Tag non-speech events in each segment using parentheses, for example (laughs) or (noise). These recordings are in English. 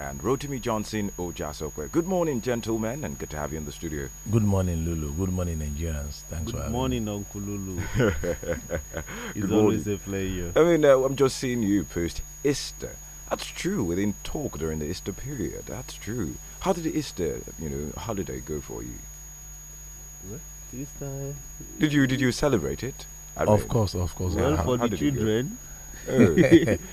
and Rotimi Johnson Ojasokwe. Good morning, gentlemen, and good to have you in the studio. Good morning, Lulu. Good morning, Nigerians. Thanks good for having morning, Uncle Lulu. it's (laughs) good always morning. a pleasure. I mean, uh, I'm just seeing you post Easter. That's true. We've didn't talk during the Easter period. That's true. How did the Easter, you know, holiday go for you? What? Easter. Did you did you celebrate it? I of mean, course, of course. Well, for how the children. Oh. (laughs)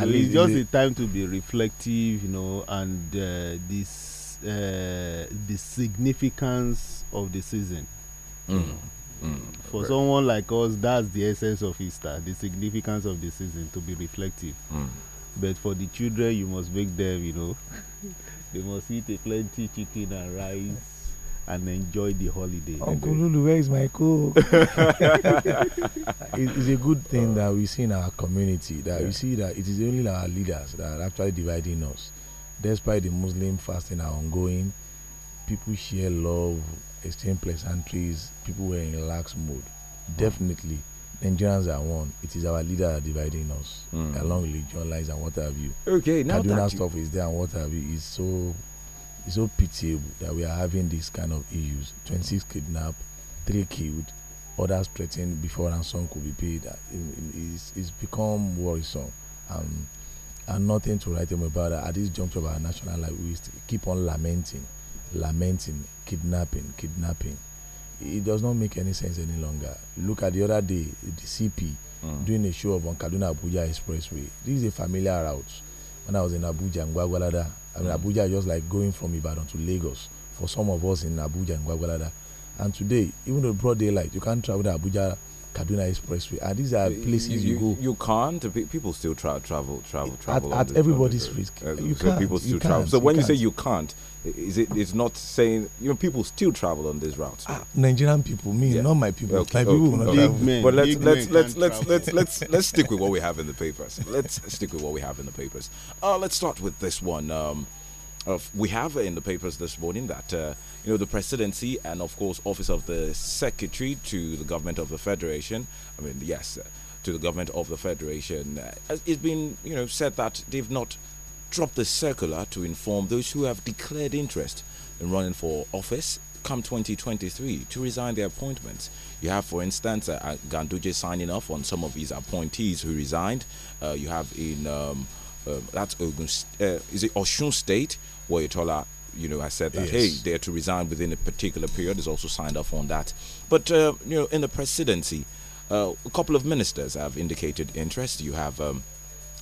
You know, it's just the time to be reflective, you know, and uh, this uh, the significance of the season. Mm. Mm. For right. someone like us, that's the essence of Easter, the significance of the season, to be reflective. Mm. But for the children, you must make them, you know, (laughs) they must eat a plenty chicken and rice and enjoy the holiday. Uncle Lulu, where is my cook? (laughs) it's a good thing uh. that we see in our community that yeah. we see that it is only our leaders that are actually dividing us. Despite the Muslim fasting are ongoing, people share love, exchange pleasantries, people were in relaxed mode. Mm. Definitely, Nigerians are one. It is our leader that dividing us mm. along religion lines and what have you. Okay, now Kaduna that you... stuff is there and what have you is so it's so pitiable that we are having this kind of issues. 26 kidnapped, three killed, others threatened before ransom could be paid. It's, it's become worrisome. Um, and nothing to write home about At this juncture of our national life, we keep on lamenting, lamenting, kidnapping, kidnapping. It does not make any sense any longer. Look at the other day, the CP mm. doing a show of on Kaduna Abuja Expressway. This is a familiar route. When I was in Abuja, and Gwagwalada. I mean, Abuja is just like going from Ibadan to Lagos for some of us in Abuja and Gwagwalada. And today, even though broad daylight, you can't travel to Abuja Kaduna Expressway. And these are places you, you, you go. You can't. People still try, travel, travel, travel. At, at everybody's risk. Uh, you so can't, people still travel. So when you, you say you can't, is it? It's not saying you know people still travel on these routes. Ah, right? Ah, Nigerian people, me, yeah. not my people. Okay, my okay, people okay, Men, But let's let's let's let's, let's let's let's stick with what we have in the papers. (laughs) Let's stick with what we have in the papers. Uh, let's start with this one. Um, we have in the papers this morning that uh, you know the presidency and of course office of the secretary to the government of the federation. I mean, yes, uh, to the government of the federation, uh, it's been you know said that they've not dropped the circular to inform those who have declared interest in running for office come 2023 to resign their appointments. You have, for instance, uh, uh, Ganduje signing off on some of his appointees who resigned. Uh, you have in um, uh, that's Ogun, uh, is it Oshun State, where Itola, you know, I said that yes. hey, they're to resign within a particular period. Is also signed off on that. But uh, you know, in the presidency, uh, a couple of ministers have indicated interest. You have. Um,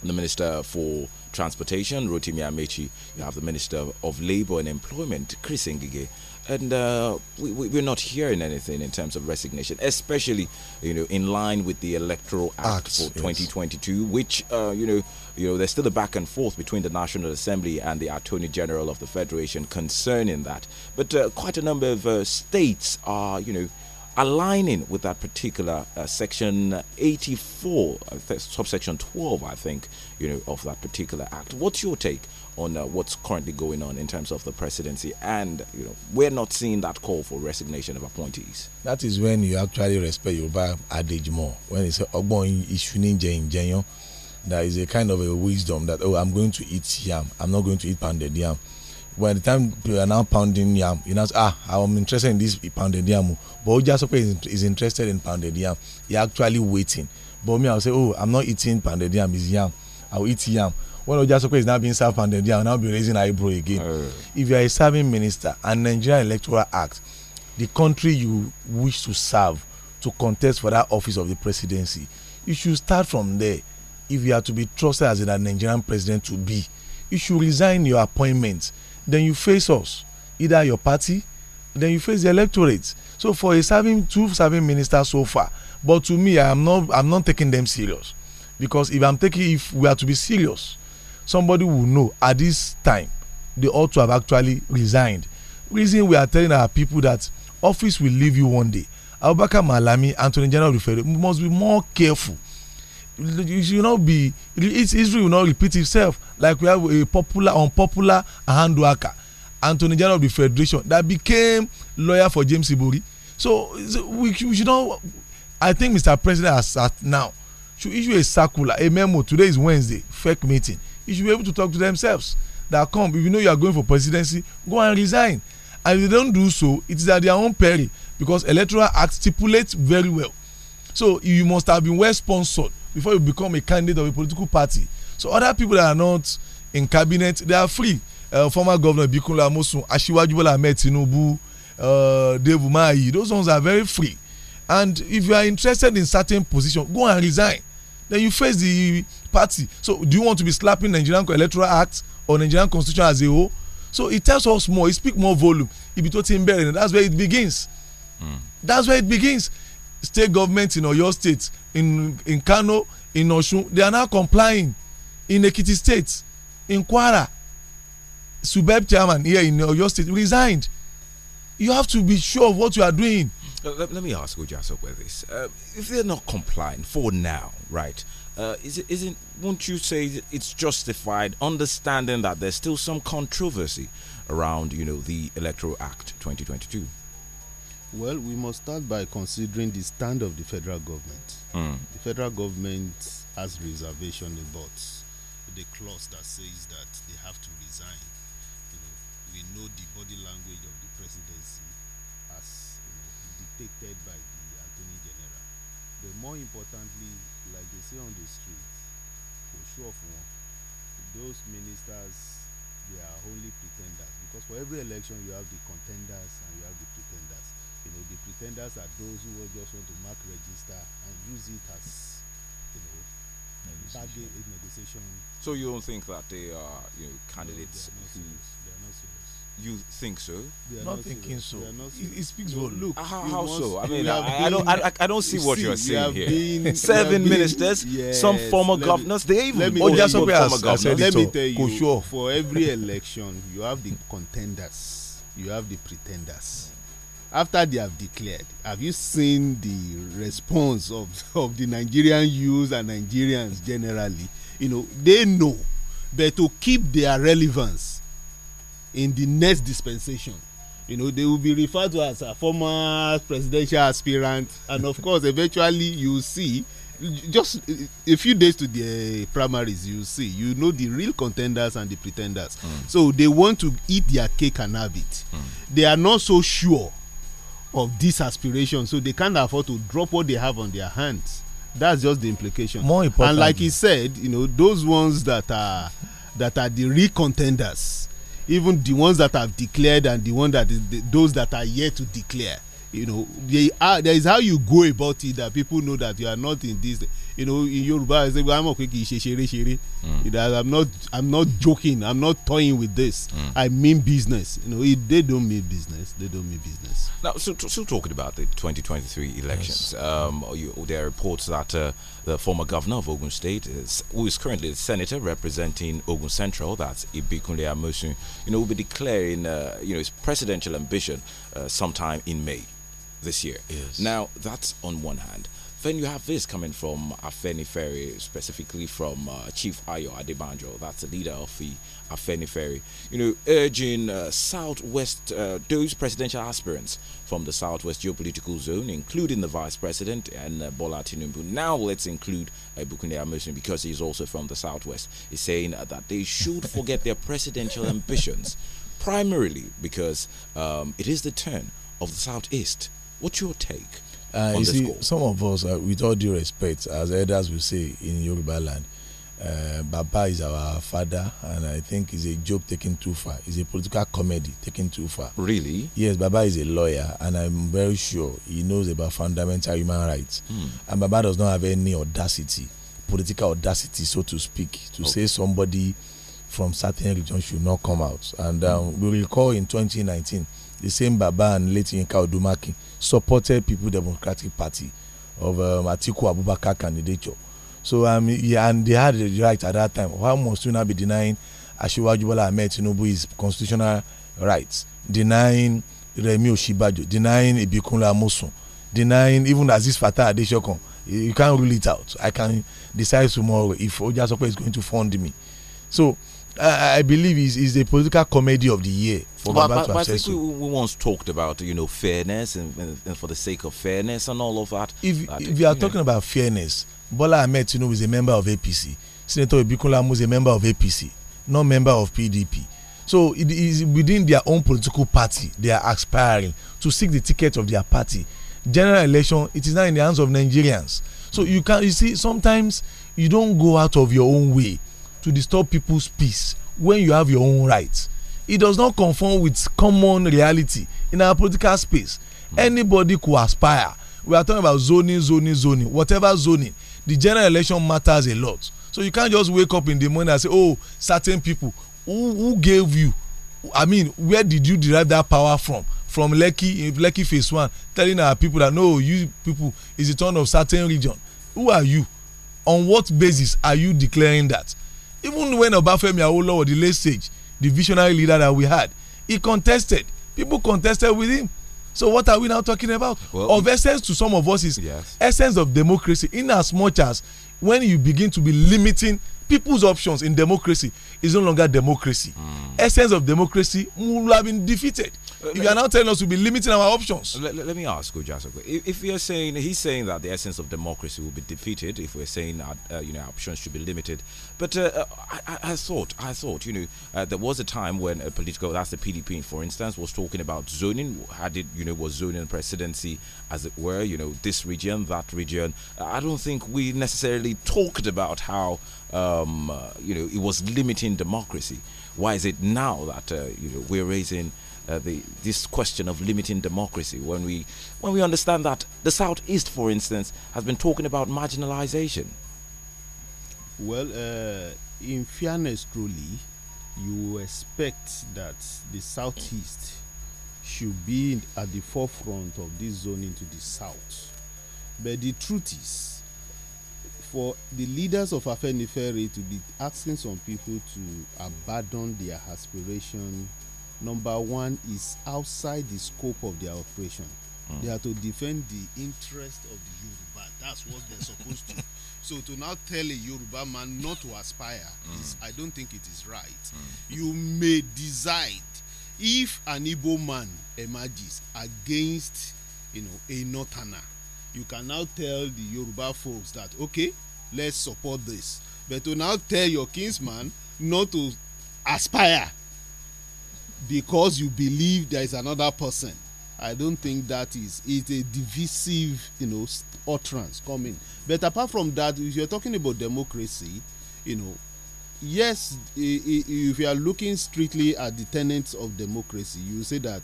the Minister for Transportation, Rotimi Amechi. You have the Minister of Labour and Employment, Chris Ngige. And uh, we, are not hearing anything in terms of resignation, especially you know in line with the Electoral Act, Act for 2022, yes. which uh, you know you know there's still a back and forth between the National Assembly and the Attorney General of the Federation concerning that. But uh, quite a number of uh, states are you know aligning with that particular uh, section 84 uh, subsection 12 i think you know of that particular act what's your take on uh, what's currently going on in terms of the presidency and you know we're not seeing that call for resignation of appointees that is when you actually respect your back adage more when it's there is a kind of a wisdom that oh i'm going to eat yam i'm not going to eat pounded yam When the time you are now pounding yam you now say ah i'm interested in this pounded yam but ojasope is, is interested in pounded yam he actually waiting but me i say oh i'm not eating pounded yam it's yam i will eat yam when ojasope is now being served pounded yam i now be raising eyebrow again uh. if you are a serving minister and nigerian electoral act the country you wish to serve to contest for that office of the presidency you should start from there if you are to be trusted as a nigerian president to be you should resign your appointment then you face us either your party then you face the electorate so for a serving two serving ministers so far but to me I am not I am not taking them serious because if I am taking if we are to be serious somebody will know at this time they ought to have actually resigned reason we are telling our people that office will leave you one day abubakar malami anthony general referee must be more careful you should not be history will not repeat itself like we have a popular unpopular hand worker anthony general of the federation that became lawyer for james ibori so, so we, we should not i think mr president has at now to issue a circular a memo today is wednesday Fake meeting you should be able to talk to themselves that come if you know you are going for presidency go and resign and if they don't do so it is at their own peril because electoral act stipulates very well so you must have been well sponsored before you become a candidate of a political party so other people that are not in cabinet they are free uh, former governor bikunle amosun asiwaju bola ahmed tinubu uh, dave umahi those ones are very free and if you are interested in certain position go and resign then you face the party so do you want to be slapping nigerian electoral act or nigerian constitution as a whole so it tells us more it speak more volume ibi tó ti ń that's where it begins mm. that's where it begins state government in oyo state in in kano in osun they are now complying in ekiti state in kwara subeb chairman here in oyo state resigned you have to be sure of what you are doing. Uh, let, let me ask Ojaso with this. Uh, if they're not complying for now, right, uh, is it, isn't, won't you say it's justified, understanding that there's still some controversy around, you know, the Electoral Act 2022? Well, we must start by considering the stand of the federal government. Mm. The federal government has reservation about the clause that says that they have to resign. You know, we know the body language of the presidency as you know, dictated by the attorney general. But more importantly, like they say on the street, for sure, for those ministers, they are only pretenders because for every election you have the contenders and you have the know, the pretenders are those who just want to mark register and use it as, you know, bargain negotiation. So you don't think that they are, you know, candidates no, you think so? Not, not, thinking serious. so. Not it, it, speaks volumes. Look, how, ah, how so? I mean, I, I, don't, I, I don't see what see, you're saying here. Been, Seven ministers, yes, some former governors, me, they even oh, yes, former governors. Let me tell you, for every election, you have the contenders, you have the pretenders. after they have declared have you seen the response of of the nigerian youths and nigerians generally you know they know but to keep their relevance in the next dispensation you know they will be referred to as a former presidential aspirant and of (laughs) course eventually you see just a few days to the primaries you see you know the real contenders and the pretenders mm. so they want to eat their cake and have it mm. they are not so sure of this aspiration so they can't afford to drop what they have on their hands that's just the implication more important and like he said you know those ones that are that are the real contenders even the ones that have declared and the one that is the, those that are yet to declare you know are, there is how you go about it that people know that you are not in this you know in Yoruba I say I'm okay ṣe ṣeré ṣeré you know I'm not I'm not joking I'm not toying with this mm. I mean business you know they don't mean business they don't mean business. Now still, still talking about the 2023 elections yes. um, you, there are reports that uh, the former governor of Ogun State is, who is currently the senator representing Ogun Central that's Ibikunle Amosun you know will be declaring uh, you know his presidential ambition uh, sometime in May this year. Yes. Now that's on one hand. Then you have this coming from Afeni Ferry, specifically from uh, Chief Ayo Adebanjo, that's the leader of the Afeni Ferry, you know, urging uh, Southwest, uh, those presidential aspirants from the Southwest geopolitical zone, including the Vice President and uh, Bola Tinubu. Now let's include uh, Bukunde because he's also from the Southwest. He's saying that they should forget their presidential ambitions, primarily because um, it is the turn of the Southeast. What's your take? uh, you see, school. some of us, uh, with all due respect, as elders will say in Yoruba land, uh, Baba is our father, and I think it's a joke taken too far. It's a political comedy taken too far. Really? Yes, Baba is a lawyer, and I'm very sure he knows about fundamental human rights. Mm. And Baba does not have any audacity, political audacity, so to speak, to okay. Oh. say somebody from certain regions should not come out. And um, we recall in 2019, the same Baba and late Yinka Odumaki supported People Democratic Party of um, Atiku Abubakar candidature. So um, yeah, and they had the right at that time. Why must we now be denying Asiwaju Ahmed Tinubu his constitutional rights, denying Remi Oshibajo, denying Ibikunle Amosun, denying even Aziz Fatah Adesokan? You can't rule it out. I can decide tomorrow if Oja is going to fund me. So I, I believe it's, is the political comedy of the year but, but I think we, we, once talked about you know fairness and, and, and, for the sake of fairness and all of that. If, that, if you are talking know. about fairness, Bola Ahmed Tinubu is a member of APC. Senator Ibikunlamu is a member of APC, not member of PDP. So it is within their own political party they are aspiring to seek the ticket of their party. General election, it is now in the hands of Nigerians. So you can you see sometimes you don't go out of your own way to disturb people's peace when you have your own rights it does not conform with common reality in our political space. Anybody could aspire. We are talking about zoning, zoning, zoning. Whatever zoning, the general election matters a lot. So you can't just wake up in the morning and say, oh, certain people, who, who gave you? I mean, where did you derive that power from? From Lekki, Lekki phase one, telling our people that no, you people is the turn of certain region. Who are you? On what basis are you declaring that? Even when Obafemi Awolowo, the late stage, the visionary leader that we had. He contested. People contested with him. So what are we now talking about? Well, of essence to some of us is yes. essence of democracy. In as much as when you begin to be limiting people's options in democracy, is no longer democracy. Mm. Essence of democracy will have been defeated. Let, you are now telling us to be limiting our options. Let, let, let me ask Ojaso. If, if you're saying he's saying that the essence of democracy will be defeated, if we're saying that uh, you know options should be limited, But uh, uh I, I, thought, I thought, you know, uh, there was a time when a political, that's the PDP, for instance, was talking about zoning. Had it, you know, was zoning presidency, as it were, you know, this region, that region. I don't think we necessarily talked about how, um, uh, you know, it was limiting democracy. Why is it now that uh, you know we're raising? Uh, the, this question of limiting democracy when we when we understand that the southeast for instance has been talking about marginalization well, uh, in fairness, truly, you expect that the southeast should be at the forefront of this zoning to the south. But the truth is, for the leaders of Afenifere to be asking some people to abandon their aspiration, number one is outside the scope of their operation. Mm. They are to defend the interest of the Yoruba. That's what they're supposed to. (laughs) So to now tell a Yoruba man not to aspire mm. is, I don't think it is right. Mm. You may decide if an Igbo man emerges against you know a northerner, you can now tell the Yoruba folks that okay, let's support this. But to now tell your kinsman not to aspire because you believe there is another person I don't think that is it's a divisive you know utterance coming. But apart from that, if you're talking about democracy, you know, yes, if you are looking strictly at the tenets of democracy, you say that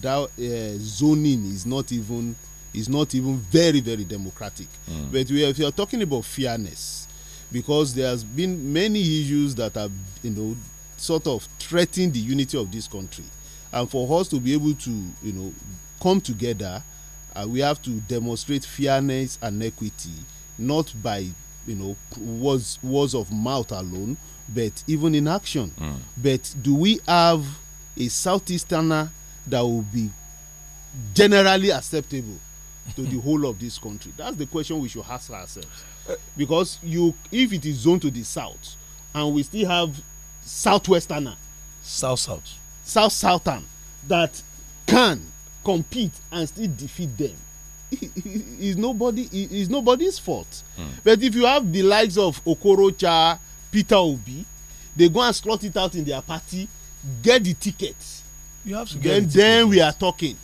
that uh, zoning is not even is not even very very democratic. Mm. But if you are talking about fairness, because there has been many issues that have you know sort of threatened the unity of this country and for us to be able to you know come together uh, we have to demonstrate fairness and equity not by you know words words of mouth alone but even in action mm. but do we have a southeasterner that will be generally acceptable to the (laughs) whole of this country that's the question we should ask ourselves because you if it is zoned to the south and we still have southwesterner south south South Southampton that can compete and still defeat them is nobody is nobody's fault. Mm. But if you have the likes of Okorocha, Peter Obi, they go and slot it out in their party, get the tickets. You have to get then, the then we are talking.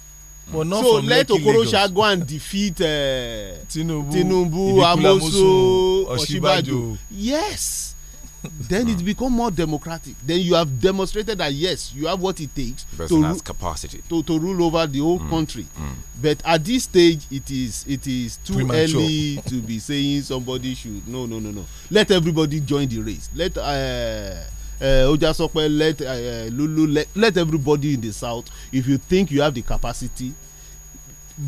But not so let Okorocha go and defeat uh, Tinubu, Tinubu Amosu, Oshibajo. Yes then it become more democratic. Then you have demonstrated that yes, you have what it takes Personal to capacity to, to rule over the whole mm. country. Mm. But at this stage, it is it is too Premature. early to be saying somebody should no no no no. Let everybody join the race. Let uh, uh, let uh, uh, Lulu, let, let everybody in the south. If you think you have the capacity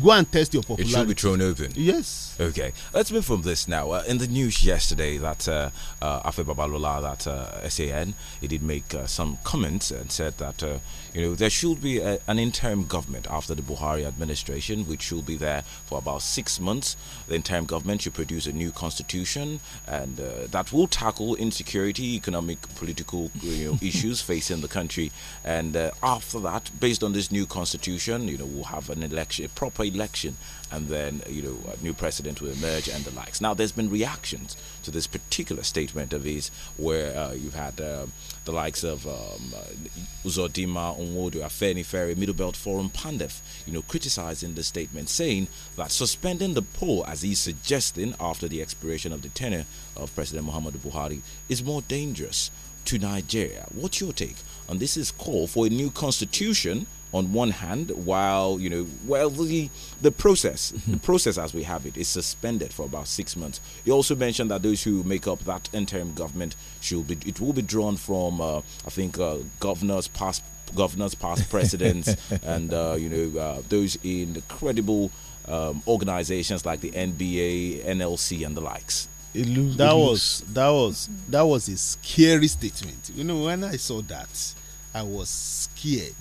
go and test your popularity. It should be thrown open. Yes. Okay. Let's move from this now. Uh, in the news yesterday, that uh, uh, Afe Babalola, that uh, SAN, he did make uh, some comments and said that uh, you know, there should be a, an interim government after the Buhari administration, which should be there for about six months. The interim government should produce a new constitution, and uh, that will tackle insecurity, economic, political you know, (laughs) issues facing the country. And uh, after that, based on this new constitution, you know, we'll have an election, a proper election, and then you know a new president will emerge and the likes. Now, there's been reactions to this particular statement of his, where uh, you've had uh, the likes of um, uh, Uzodima, Onwodo, Afeni Ferry, Middlebelt Forum, Pandef, you know, criticizing the statement, saying that suspending the poll, as he's suggesting, after the expiration of the tenure of President Muhammadu Buhari, is more dangerous to Nigeria. What's your take on this? Is call for a new constitution on one hand, while you know, well, the the process, the (laughs) process as we have it, is suspended for about six months. You also mentioned that those who make up that interim government should be, it will be drawn from, uh, I think, uh, governors past governors, past presidents, (laughs) and uh, you know, uh, those in credible um, organizations like the NBA, NLC, and the likes. that was that was that was a scary statement. You know, when I saw that, I was scared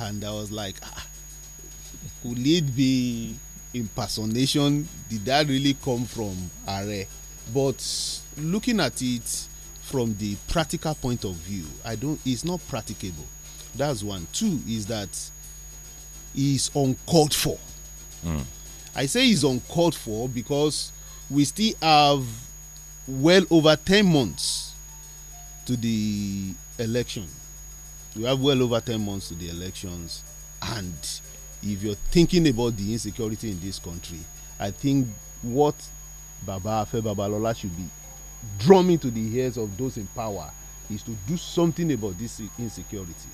and I was like, ah, could it be impersonation? Did that really come from Are? But looking at it from the practical point of view, I don't. It's not practicable. That's one. Two is that is uncalled for. Mm. I say it's uncalled for because we still have well over ten months to the election we have well over ten months to the elections and if you're thinking about the insecurity in this country i think what baba afe babalola should be drumming to the ears of those in power is to do something about this insecurity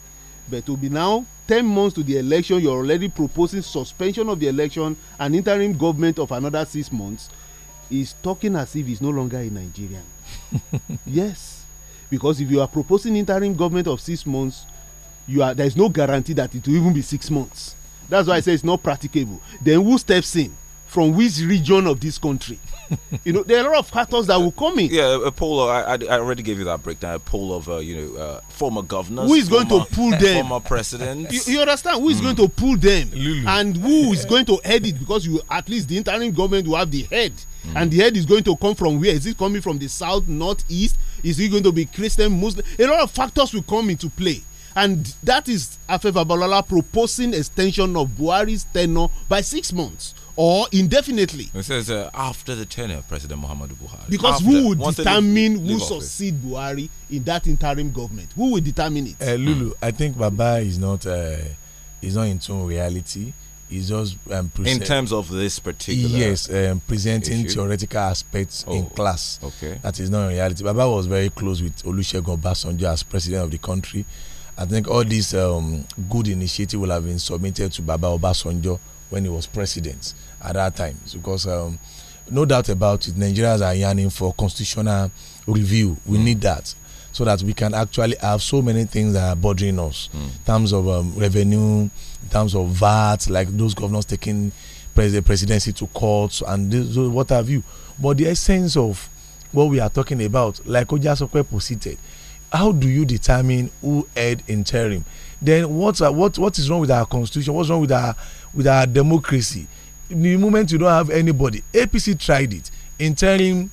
but to be now ten months to the election you're already proposing suspension of the election and interim government of another six months is talking as if he's no longer a nigerian (laughs) yes because if you are proposing interim government of six months you are there is no guarantee that it will even be six months that's why i say it's not practicable then who steps in from which region of this country (laughs) you know there are a lot of factors that will come in yeah a uh, poll I, I, I already gave you that breakdown a poll of uh, you know uh, former governors who is former, going to pull them (laughs) former president. you, you understand who is mm. going to pull them and who is going to head it because you at least the interim government will have the head mm. and the head is going to come from where is it coming from the south north east Is he going to be Christian, Muslim? A lot of factors will come into play. And that is Afe Babalala proposing extension of Buhari's tenure by six months or indefinitely. He says uh, after the tenure, President Muhammadu Buhari. Because after, who would determine leave, who succeed Buhari in that interim government? Who will determine it? Uh, Lulu, I think Baba is not uh, is not in tune reality is just um, in terms of this particular yes um, presenting issue? theoretical aspects oh, in class okay that is not in reality baba was very close with olusegun obasanjo as president of the country i think all these um, good initiatives will have been submitted to baba obasanjo when he was president at that time because um, no doubt about it nigerians are yearning for constitutional review we mm. need that so that we can actually have so many things that are bothering us mm. in terms of um, revenue in terms of VAT, like those governors taking pres- presidency to courts and this, what have you. But the essence of what we are talking about, like Ojasope posited, how do you determine who head interim? Then what, what, what is wrong with our constitution? What's wrong with our, with our democracy? In the moment you don't have anybody, APC tried it. Interim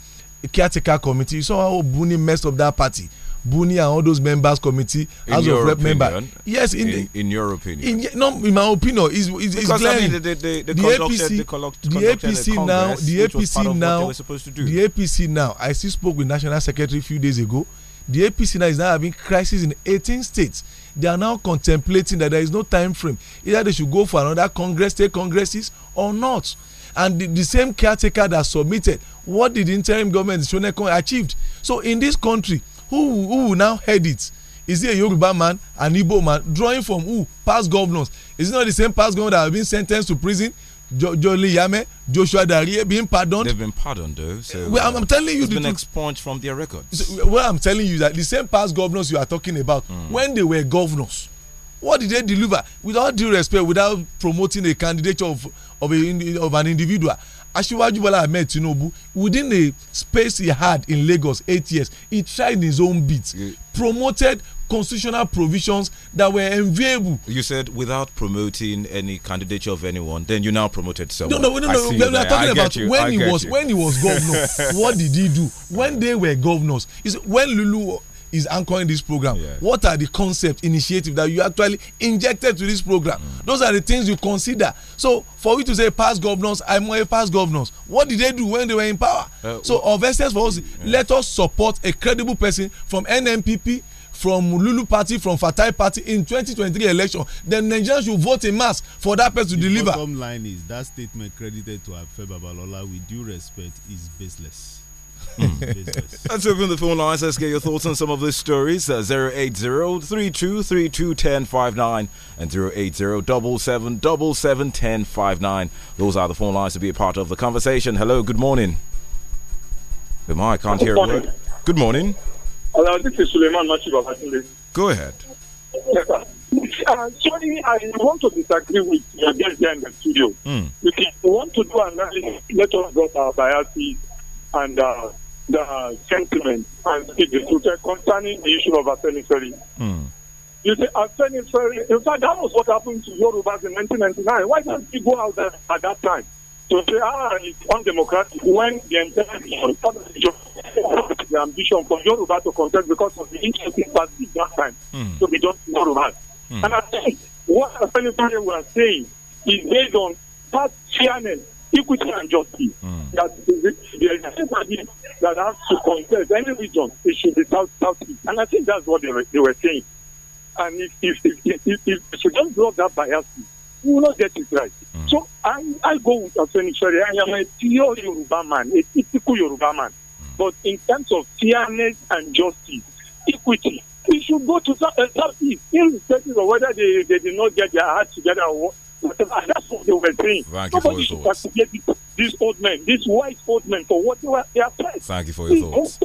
caretaker committee, you saw how Buni messed up that party Buni and all those members committee as of Rep member. Yes, in, in, in your opinion. In, no, in my opinion, is is is clear. I mean, they, they, they the APC, the APC now, the APC now, the APC now. I still spoke with National Secretary a few days ago. The APC now is now having crisis in 18 states. They are now contemplating that there is no time frame. Either they should go for another Congress, state congresses, or not and the, the, same caretaker that submitted what did the interim government Shonekon achieved so in this country who who will now head it is it a yoruba man an igbo man drawing from who past governors is it not the same past governor that have been sentenced to prison jo jolly yame joshua darie being pardoned. they've been pardoned though. So, well i'm, telling you the truth. it's been expunged from their records. So, well i'm telling you that the same past governors you are talking about mm. when they were governors what did they deliver with all due respect without promoting a candidate of of, a, of an individual Asiwaju Bola Ahmed Tinubu within the space he had in Lagos eight years he tried his own bit yeah. promoted constitutional provisions that were enviable. You said without promoting any candidature of anyone then you now promoted someone. No no no no we are like, talking about when, he was, when he was governor (laughs) what did he do when they were governors when Lulu is anchoring this program yes. what are the concept initiatives that you actually injected to this program mm. those are the things you consider so for we to say past governors I'm a past governors what did they do when they were in power uh, so of essence for us yeah. let us support a credible person from Nmpp, from lulu party from fatai party in 2023 election then nigerians should vote in mass for that person the to deliver. the bottom line is that statement credited to afe babalola with due respect is baseless Mm. Let's open the phone lines. Let's get your thoughts on some of these stories. Uh, 080-3232-1059 and 080-777-1059. Those are the phone lines to be a part of the conversation. Hello, good morning. Good morning. I can't good hear morning. a word. Good morning. Hello, this is Suleiman Go ahead. Yes, Uh, sorry, I want to disagree with your guest there in the studio. Mm. If you want to do analysis, let us go to our biases and uh, the sentiment uh, and the uh, concerning the issue of Aseni Ferry. Mm. You see, Aseni Ferry, in fact, that was what happened to Yorubas in 1999. Why can't he go out there at that time to say, ah, it's undemocratic when the entire the ambition for Yoruba to contest because of the interest in party that time mm. to be just Yoruba. Mm. And I think what Aseni Ferry were saying is based on that fairness equity and justice. Mm. That there is the that has to contest any region, it should be South Southeast. And I think that's what they were, they were saying. And if if if, if, if, if so block that bias, you will not get it right. Mm. So I, I go with Attorney Shere. I am a pure Yoruba man, a typical Yoruba man. Mm. But in terms of fairness and justice, equity, we should go to South, uh, Southeast, irrespective of whether they, they did not get their act together or that's what they were doing. Thank Nobody should participate this old man, this white old man, for what they were they are Thank you for your thoughts.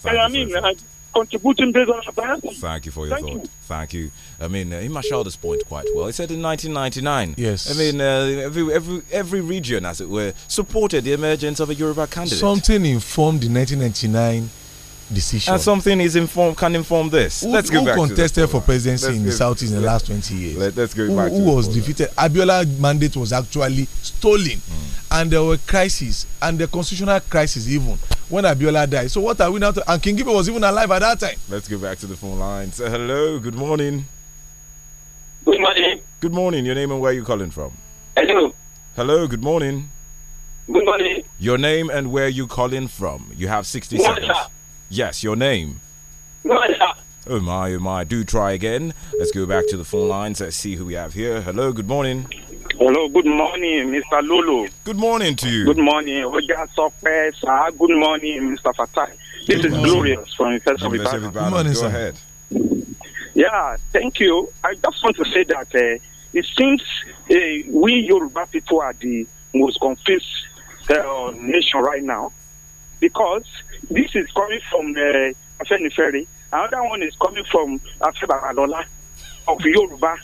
Thank I mean, uh, contributing based on Thank you for your thought. You. Thank you. I mean, uh, he marshaled this point quite well. He said in 1999. Yes. I mean, uh, every every every region, as it were, supported the emergence of a Yoruba candidate. Something informed in 1999 decision. And something is informed can inform this. Who, let's go who contested to for presidency let's in the south in the last twenty years? Let, us go who, back. Who was defeated? Abiola mandate was actually stolen, mm. and there were crises and the constitutional crisis even when Abiola died. So what are we now? To, and King Gibe was even alive at that time. Let's go back to the phone lines. Uh, hello, good morning. Good morning. Good morning. Your name and where you calling from? Hello. Hello. Good morning. Good morning. Your name and where you calling from? You have sixty seconds. Yes, your name. Oh my, oh my. Do try again. Let's go back to the phone lines. Let's see who we have here. Hello, good morning. Hello, good morning, Mr. Lulu. Good morning to you. Good morning, Good morning, Mr. Fatai. This good is glorious from the first of the Good morning, go sir. ahead. Yeah, thank you. I just want to say that uh, it seems uh, we Yoruba people are the most confused uh, nation right now because this is coming from uh, Afeni Ferry. Another one is coming from Afebabalola of Yoruba.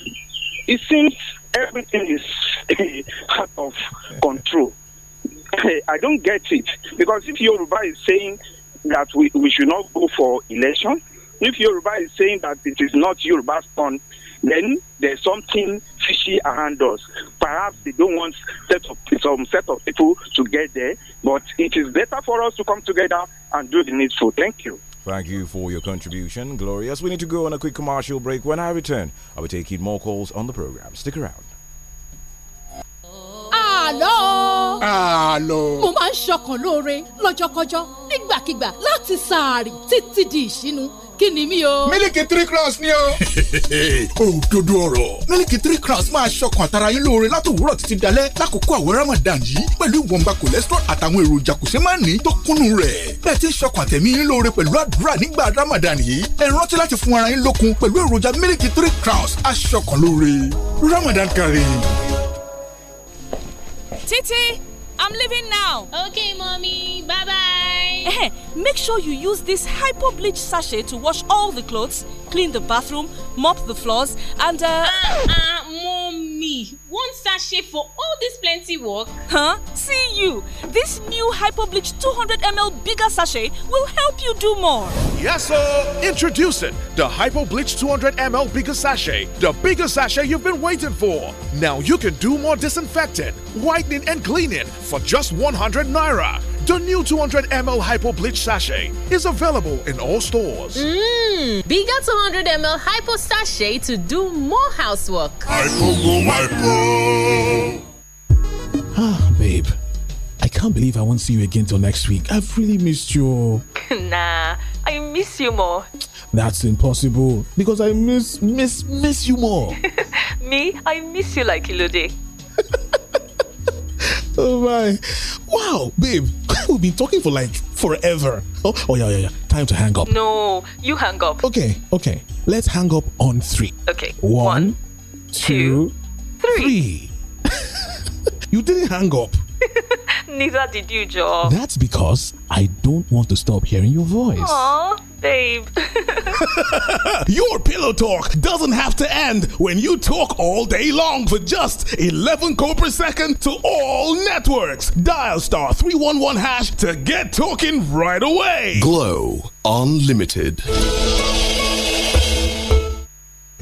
It seems everything is (laughs) out of control. (laughs) I don't get it because if Yoruba is saying that we, we should not go for election, if Yoruba is saying that it is not Yoruba's turn then there's something fishy around us. Perhaps they don't want set of, some set of people to get there, but it is better for us to come together and do the needful. Thank you. Thank you for your contribution, Glorious. We need to go on a quick commercial break. When I return, I will take in more calls on the program. Stick around. àlọ́. àlọ́. mo máa ń ṣọkàn lóore lọ́jọ́kọjọ́ nígbàkigbà láti sàárì títí di ìṣínú kí ni mí o. mílìkì three crowns ni o. (laughs) òdodo ọ̀rọ̀ mílìkì three crowns máa ṣọkàn àtàrà yín lóore látòwúrọ̀ títí dalẹ́ lákòókò àwẹ̀ ramadan yìí pẹ̀lú ìwọ̀nba cholesterol àtàwọn èròjà kò ṣe máa ní tó kúnnú rẹ̀. bẹ́ẹ̀ ti ń ṣọkàn àtẹ̀mí yín lóore pẹ̀lú àdúrà nígbà ramadan yìí ẹ rántí láti fún ara yín lókun pẹ̀lú èròjà mílìkì three crowns aṣọkàn lóore ramadan kari. títí I'm leaving now. Okay, mommy. Bye bye. (laughs) Eh, make sure you use this hypo bleach sachet to wash all the clothes, clean the bathroom, mop the floors, and uh. uh, uh me one sachet for all this plenty work? Huh? See you! This new Hyperbleach 200ml bigger sachet will help you do more. Yes, sir! Introducing the Hyperbleach 200ml bigger sachet, the bigger sachet you've been waiting for. Now you can do more disinfecting, whitening, and cleaning for just 100 naira. The new 200 ml Hypo Bleach Sachet is available in all stores. Mmm, bigger 200 ml Hypo Sachet to do more housework. Hypo, hypo. Ah, babe. I can't believe I won't see you again till next week. I've really missed you. (laughs) nah, I miss you more. That's impossible because I miss, miss, miss you more. (laughs) Me, I miss you like Ilode. (laughs) Oh my. Wow, babe. (laughs) We've been talking for like forever. Oh, oh yeah, yeah, yeah. Time to hang up. No, you hang up. Okay, okay. Let's hang up on three. Okay. One, One two, two, three. three. (laughs) you didn't hang up. (laughs) Neither did you, Joe. That's because I don't want to stop hearing your voice. Aww. (laughs) Your pillow talk doesn't have to end when you talk all day long for just 11 co per second to all networks. Dial star 311 hash to get talking right away. Glow Unlimited.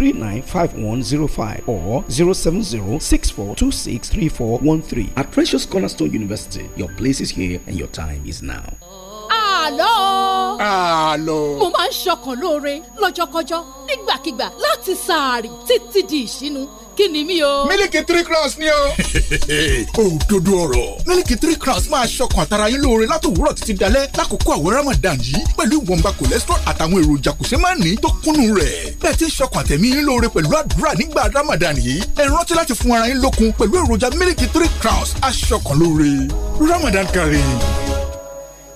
Three nine five one zero five or zero zero seven six six four four two three one three At Precious Cornerstone University, your place is here and your time is now. àlọ́. àlọ́. mo máa ń ṣọkàn lóore lọ́jọ́kọjọ́ nígbàkigbà láti sàárì títí di ìṣínú mílíkì ni mí o. mílíkì three crowns ni o. (laughs) òdodo ọ̀rọ̀ mílíkì three crowns máa ṣọkàn àtàrà yín lóore látòwúrọ̀ títí dalẹ́ lákòókò àwọn ramadan yìí pẹ̀lú ìwọ̀nba cholesterol àtàwọn èròjà kò ṣe máa ní tó kúnnú rẹ̀ bẹ́ẹ̀ ti ń ṣọkàn àtẹ̀mí yín lóore pẹ̀lú àdúrà nígbà ramadan yìí ẹ rántí láti fún ara yín lókun pẹ̀lú èròjà mílíkì three crowns aṣọkàn lóore ramadan kárí.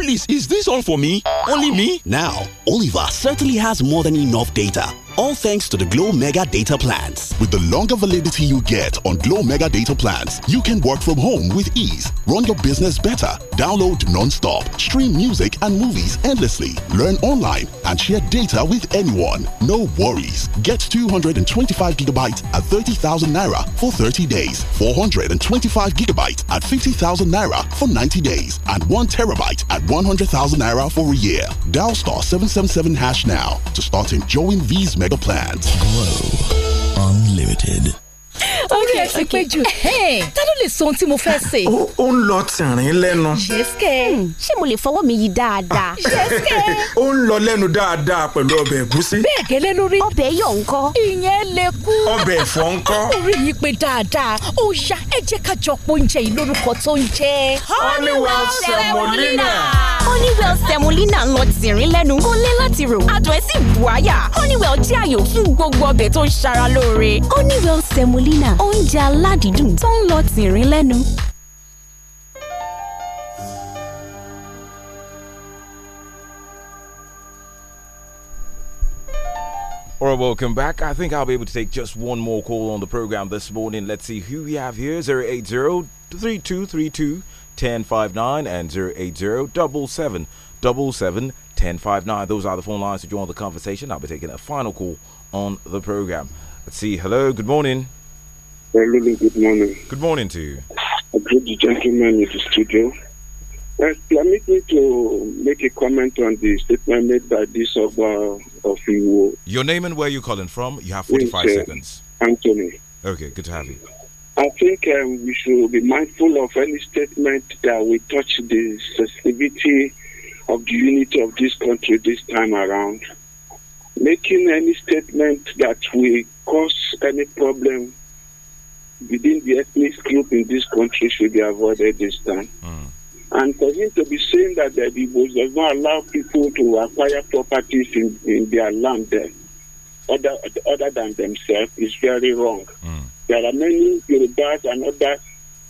Please, is this all for me? Only me? Now, Oliver certainly has more than enough data all thanks to the Glow Mega Data Plans. With the longer validity you get on Glow Mega Data Plans, you can work from home with ease, run your business better, download non-stop, stream music and movies endlessly, learn online, and share data with anyone. No worries. Get 225 gigabyte at 30,000 naira for 30 days, 425 gigabyte at 50,000 naira for 90 days, and 1 terabyte at 100,000 naira for a year. Dial star 777 hash now to start enjoying these mega plans. Grow Unlimited. orí ẹ ti pé jù ta ló lè sọ ohun tí mo fẹ́ ṣe. ó ń lọ tìrín lẹ́nu. yẹ́sìkẹ́ hmm, ṣé mo lè fọwọ́ mi yí dáadáa. yẹ́sìkẹ́. Ah, ó ń lọ lẹ́nu dáadáa pẹ̀lú ọbẹ̀ ẹ̀gúsí. bẹ́ẹ̀ gẹ́lẹ́ lórí. ọbẹ̀ yọ̀ ńkọ́. ìyẹn lè kú. ọbẹ̀ ẹ̀fọ́ ńkọ́. orí yìí pé dáadáa ó yá ẹ jẹ́ ká jọ pọ̀ oúnjẹ yìí lórúkọ tó ń jẹ́. Honeywell semolina. Honeywell semolina lọ tìrín lẹ́nu kó lé láti rò adùn ẹ̀ sì bù àyà Honeywell jẹ́ àyò fún gbogbo ọbẹ̀ tó ń ṣara lóore Honeywell semolina oúnjẹ aládìídùn tó ń lọ tìrín lẹ́nu. All right, welcome back. I think I'll be able to take just one more call on the program this morning. Let's see who we have here 080 1059 and 080 77 1059. Those are the phone lines to join the conversation. I'll be taking a final call on the program. Let's see. Hello, good morning. Lulu, good morning. Good morning to you. A good gentleman in the studio. Uh, permit me to make a comment on the statement made by this of, uh, of you. Your name and where you're calling from. You have 45 it's, uh, seconds. Anthony. Okay, good to have you. I think um, we should be mindful of any statement that will touch the sensitivity of the unity of this country this time around. Making any statement that will cause any problem within the ethnic group in this country should be avoided this time. Mm. And for him to be saying that the Igbos does not allow people to acquire properties in, in their land there, other, other than themselves is very wrong. Mm. There are many Yorubas and other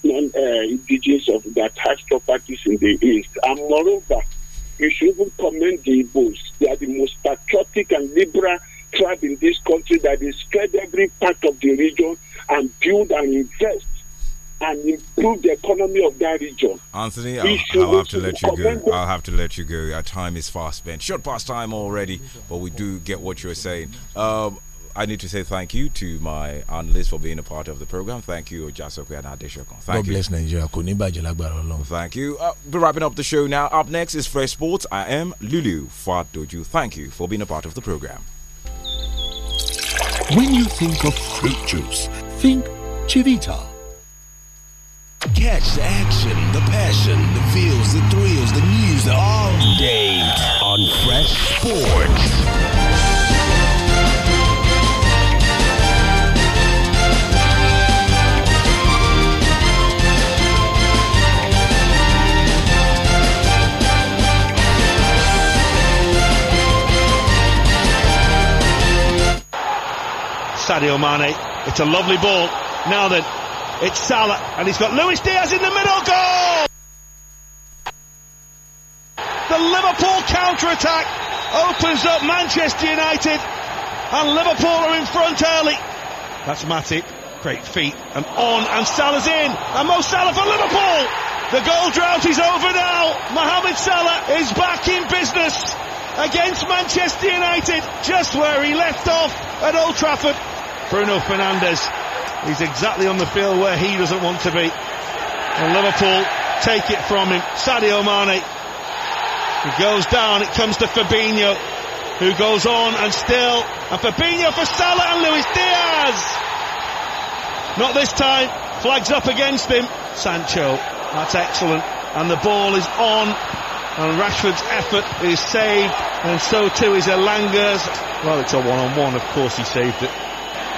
non uh, indigenous of that have properties in the East. And moreover, you should even commend the Igbos. They are the most patriotic and liberal tribe in this country that is spread every part of the region and build and invest and improve the economy of that region. Anthony, I'll, I'll have to let you go. I'll have to let you go. Our time is fast spent. Short past time already, but we do get what you're saying. Um, I need to say thank you to my analyst for being a part of the program. Thank you, Jasoku and Adeshokon. Thank God you. bless Nigeria. Thank you. Uh, we're wrapping up the show now. Up next is Fresh Sports. I am Lulu Fatoju. Thank you for being a part of the program. When you think of fruit juice, think Chivita. Catch the action, the passion, the feels, the thrills, the news all day on Fresh Sports. Sadio Mane. It's a lovely ball. Now then, it's Salah, and he's got Luis Diaz in the middle. Goal! The Liverpool counter-attack opens up Manchester United, and Liverpool are in front early. That's Matic. Great feet, and on, and Salah's in, and Mo Salah for Liverpool! The goal drought is over now. Mohamed Salah is back in business against Manchester United, just where he left off at Old Trafford Bruno Fernandes. He's exactly on the field where he doesn't want to be. And Liverpool take it from him. Sadio Mane. he goes down, it comes to Fabinho, who goes on and still, and Fabinho for Salah and Luis Diaz! Not this time, flags up against him, Sancho, that's excellent, and the ball is on, and Rashford's effort is saved, and so too is Elanga's, well it's a one -on -one. of course he saved it.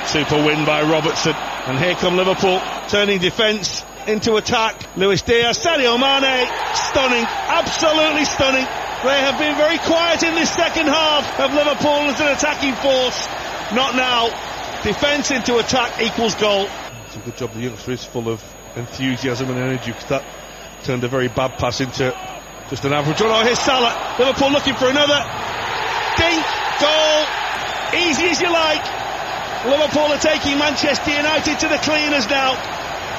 Super win by Robertson. And here come Liverpool, turning defence into attack. Luis Diaz, Sadio Mane, stunning, absolutely stunning. They have been very quiet in this second half of Liverpool as an attacking force. Not now. Defence into attack equals goal. It's a good job the youngster is full of enthusiasm and energy because that turned a very bad pass into just an average one. Oh, here's Salah. Liverpool looking for another. Dink, goal. Easy as you like. Liverpool are taking Manchester United to the cleaners now.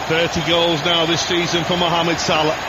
30 goals now this season for Mohamed Salah.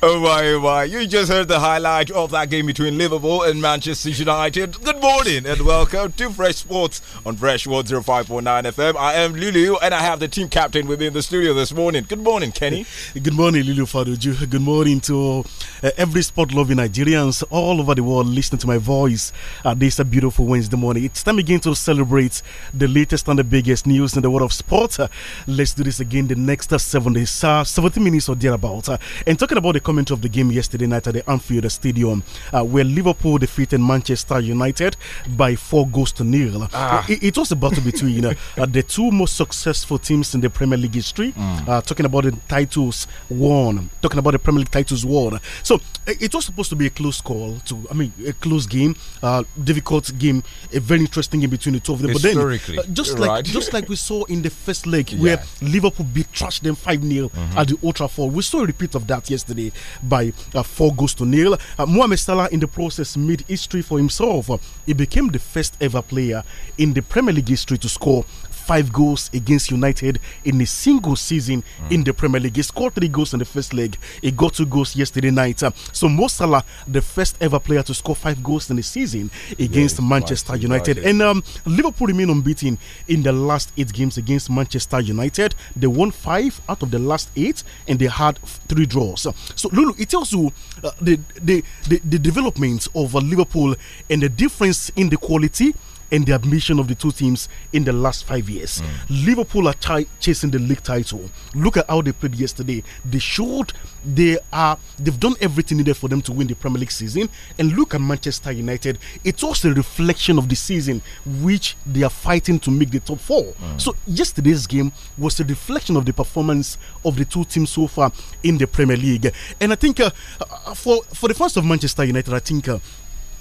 Oh my, oh my. You just heard the highlight of that game between Liverpool and Manchester United. Good morning and welcome to Fresh Sports on Fresh World 0549 FM. I am Lulu and I have the team captain with me in the studio this morning. Good morning, Kenny. Good morning, Lulu Fadoju. Good morning to uh, every sport loving Nigerians all over the world listening to my voice at uh, this beautiful Wednesday morning. It's time again to celebrate the latest and the biggest news in the world of sport. Uh, let's do this again the next 70, uh, 70 minutes or thereabout. Uh, and talking about the comment of the game yesterday night at the Anfield Stadium, uh, where Liverpool defeated Manchester United by four goals to nil. Ah. It, it, was a battle between uh, the two most successful teams in the Premier League history. Mm. Uh, talking about the titles won, talking about the Premier League titles won. So it was supposed to be a close call. To I mean, a close game, uh, difficult game, a very interesting game between the two of them. But then, uh, just like right. just like we saw in the first leg, yeah. where Liverpool beat trashed them five 0 mm -hmm. at the Ultra Four. we saw a repeat of that yesterday by uh, four goals to nil. Uh, Mohamed Salah, in the process, made history for himself. Uh, he became the first ever player in the Premier League history to score five goals against United in a single season mm. in the Premier League. He scored three goals in the first leg. He got two goals yesterday night. Uh, so Mo Salah, the first ever player to score five goals in a season against Manchester right, United. Right. And um, Liverpool remain unbeaten in the last eight games against Manchester United. They won five out of the last eight, and they had three draws. Uh, so Lulu, it tells you uh, the, the, the the development of uh, Liverpool and the difference in the quality and the admission of the two teams in the last five years. Mm. Liverpool are chasing the league title. Look at how they played yesterday. They showed they are they've done everything needed for them to win the Premier League season. And look at Manchester United. It's also a reflection of the season which they are fighting to make the top four. Mm. So yesterday's game was a reflection of the performance of the two teams so far in the Premier League. And I think uh, uh for for the fans of Manchester United, I think. Uh,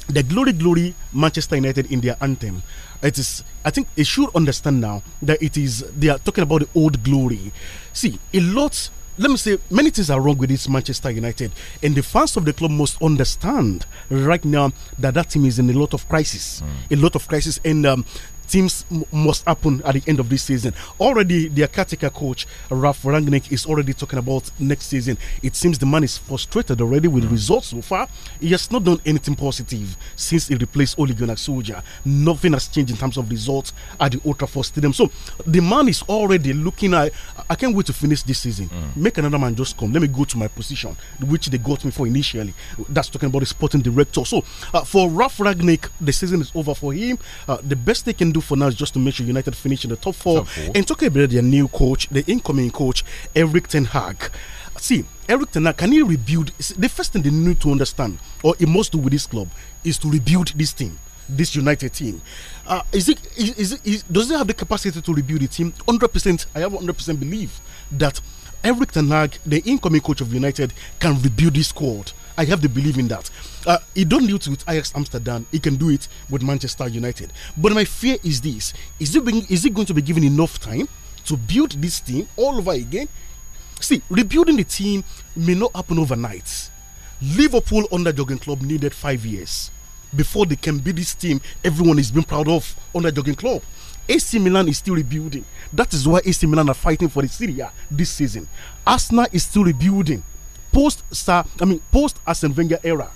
the glory glory manchester united in their anthem it is i think they should understand now that it is they are talking about the old glory see a lot let me say many things are wrong with this Manchester United, and the fans of the club must understand right now that that team is in a lot of crisis, mm. a lot of crisis, and um, teams must happen at the end of this season. Already, their caretaker coach, Ralph Rangnick, is already talking about next season. It seems the man is frustrated already with mm. results so far. He has not done anything positive since he replaced Ole Gunnar Soldier. Nothing has changed in terms of results at the Ultra Force Stadium. So the man is already looking at, I can't wait to finish this season. Mm. Make another man just come. Let me go to my position, which they got me for initially. That's talking about the sporting director. So uh, for Ralph Rangnick, the season is over for him. Uh, the best they can do do for now is just to make sure United finish in the top four. Top four. And talking about their new coach, the incoming coach, Eric Ten Hag. See, Eric Ten Hag, can he rebuild? The first thing they need to understand, or he must do with this club, is to rebuild this team this United team. Uh, is it, is, is, is, does he have the capacity to rebuild the team? 100%. I have 100% belief that Eric Ten Hag, the incoming coach of United, can rebuild this squad. I have the belief in that. Uh, he don't need to with Ajax Amsterdam. He can do it with Manchester United. But my fear is this: is it being, is it going to be given enough time to build this team all over again? See, rebuilding the team may not happen overnight. Liverpool under Jurgen Klopp needed five years before they can be this team everyone is being proud of under Jurgen Klopp. AC Milan is still rebuilding. That is why AC Milan are fighting for the Serie A this season. Arsenal is still rebuilding post Sir, I mean post Arsene Wenger era.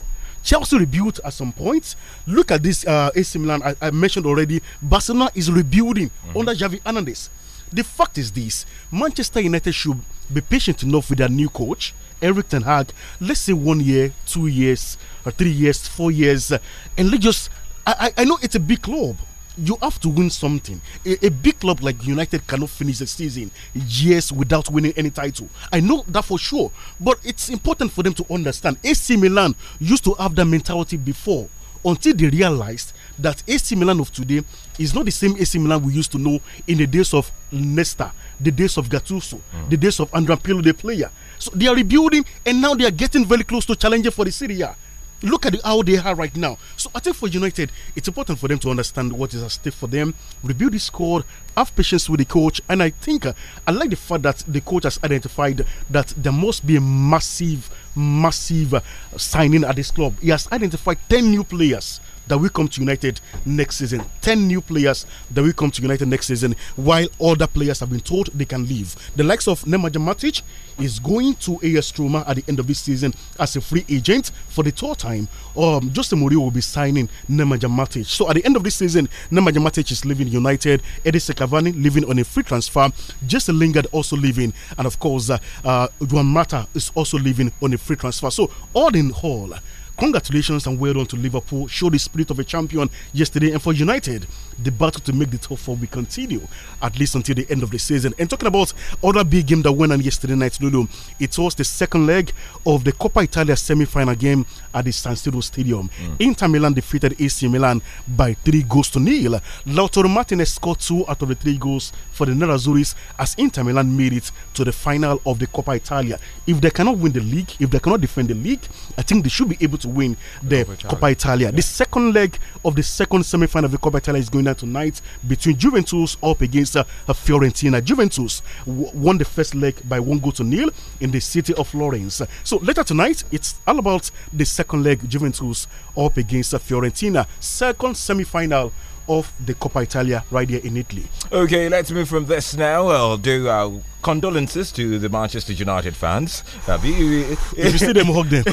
Chelsea rebuilt at some point. Look at this uh, AC Milan. I, I mentioned already. Barcelona is rebuilding mm -hmm. under Javi Hernandez. The fact is this: Manchester United should be patient enough with their new coach, Eric Ten Hag. Let's say one year, two years, or three years, four years, uh, and let's just. I, I know it's a big club, you have to win something. A, a, big club like United cannot finish the season years without winning any title. I know that for sure, but it's important for them to understand. AC Milan used to have that mentality before until they realized that AC Milan of today is not the same AC Milan we used to know in the days of Nesta, the days of Gattuso, mm. the days of Andrea Pirlo, the player. So they are rebuilding, and now they are getting very close to challenging for the Serie A. Look at how they are right now. So I think for United, it's important for them to understand what is at stake for them, rebuild the squad, have patience with the coach. And I think uh, I like the fact that the coach has identified that there must be a massive, massive uh, signing at this club. He has identified 10 new players that will come to United next season. 10 new players that will come to United next season, while other players have been told they can leave. The likes of Nemanja Matic is going to AS Roma at the end of this season as a free agent for the third time. Um, Justin Mourinho will be signing Nemanja Matic. So at the end of this season, Nemanja Matic is leaving United. Eddie Cavani living on a free transfer. Jesse Lingard also leaving. And of course, uh, uh, Juan Mata is also leaving on a free transfer. So all in all, Congratulations and well done to Liverpool. Show the spirit of a champion yesterday. And for United, the battle to make the top four will continue at least until the end of the season. And talking about other big game that went on yesterday night, Lulu, it was the second leg of the Coppa Italia semi-final game at the San Siro Stadium. Mm. Inter Milan defeated AC Milan by three goals to nil. Lautaro Martinez scored two out of the three goals for the Nerazzurris as Inter Milan made it to the final of the Coppa Italia. If they cannot win the league, if they cannot defend the league, I think they should be able to win the, Coppa Italia. Italia. Yeah. The second leg of the second semi-final of the Coppa Italia is going tonight between Juventus up against uh, Fiorentina. Juventus won the first leg by one goal to nil in the city of Florence. So later tonight, it's all about the second leg Juventus up against uh, Fiorentina. Second semi final of the Coppa Italia right here in Italy. Okay, let's move from this now. I'll do our condolences to the Manchester United fans. Uh, if you see them, hug them.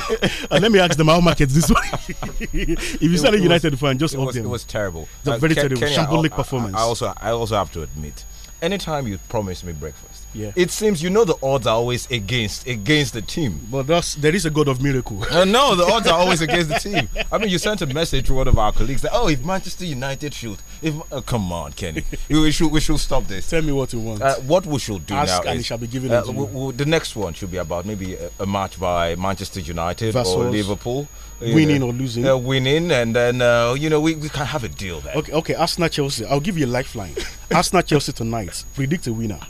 (laughs) and let me ask them how much it's this one. (laughs) if you see a United was, fan, just hug was, them. It was terrible. It's a uh, very Ken terrible, Kenya, shambolic I, performance. I also, I also have to admit anytime you promise me breakfast, yeah. it seems you know the odds are always against against the team. But that's there is a God of miracle. Uh, no, the odds are always against the team. I mean, you sent a message to one of our colleagues that oh, if Manchester United should if uh, come on, Kenny, (laughs) we should we should stop this. Tell me what you want. Uh, what we should do Ask now and is, it shall be given. Uh, we we the next one should be about maybe a, a match by Manchester United Versus or Liverpool. Winning know, or losing? Uh, winning, and then uh, you know we, we can have a deal there. Okay, okay. Arsenal Chelsea. I'll give you a lifeline. (laughs) Arsenal Chelsea tonight. Predict a winner,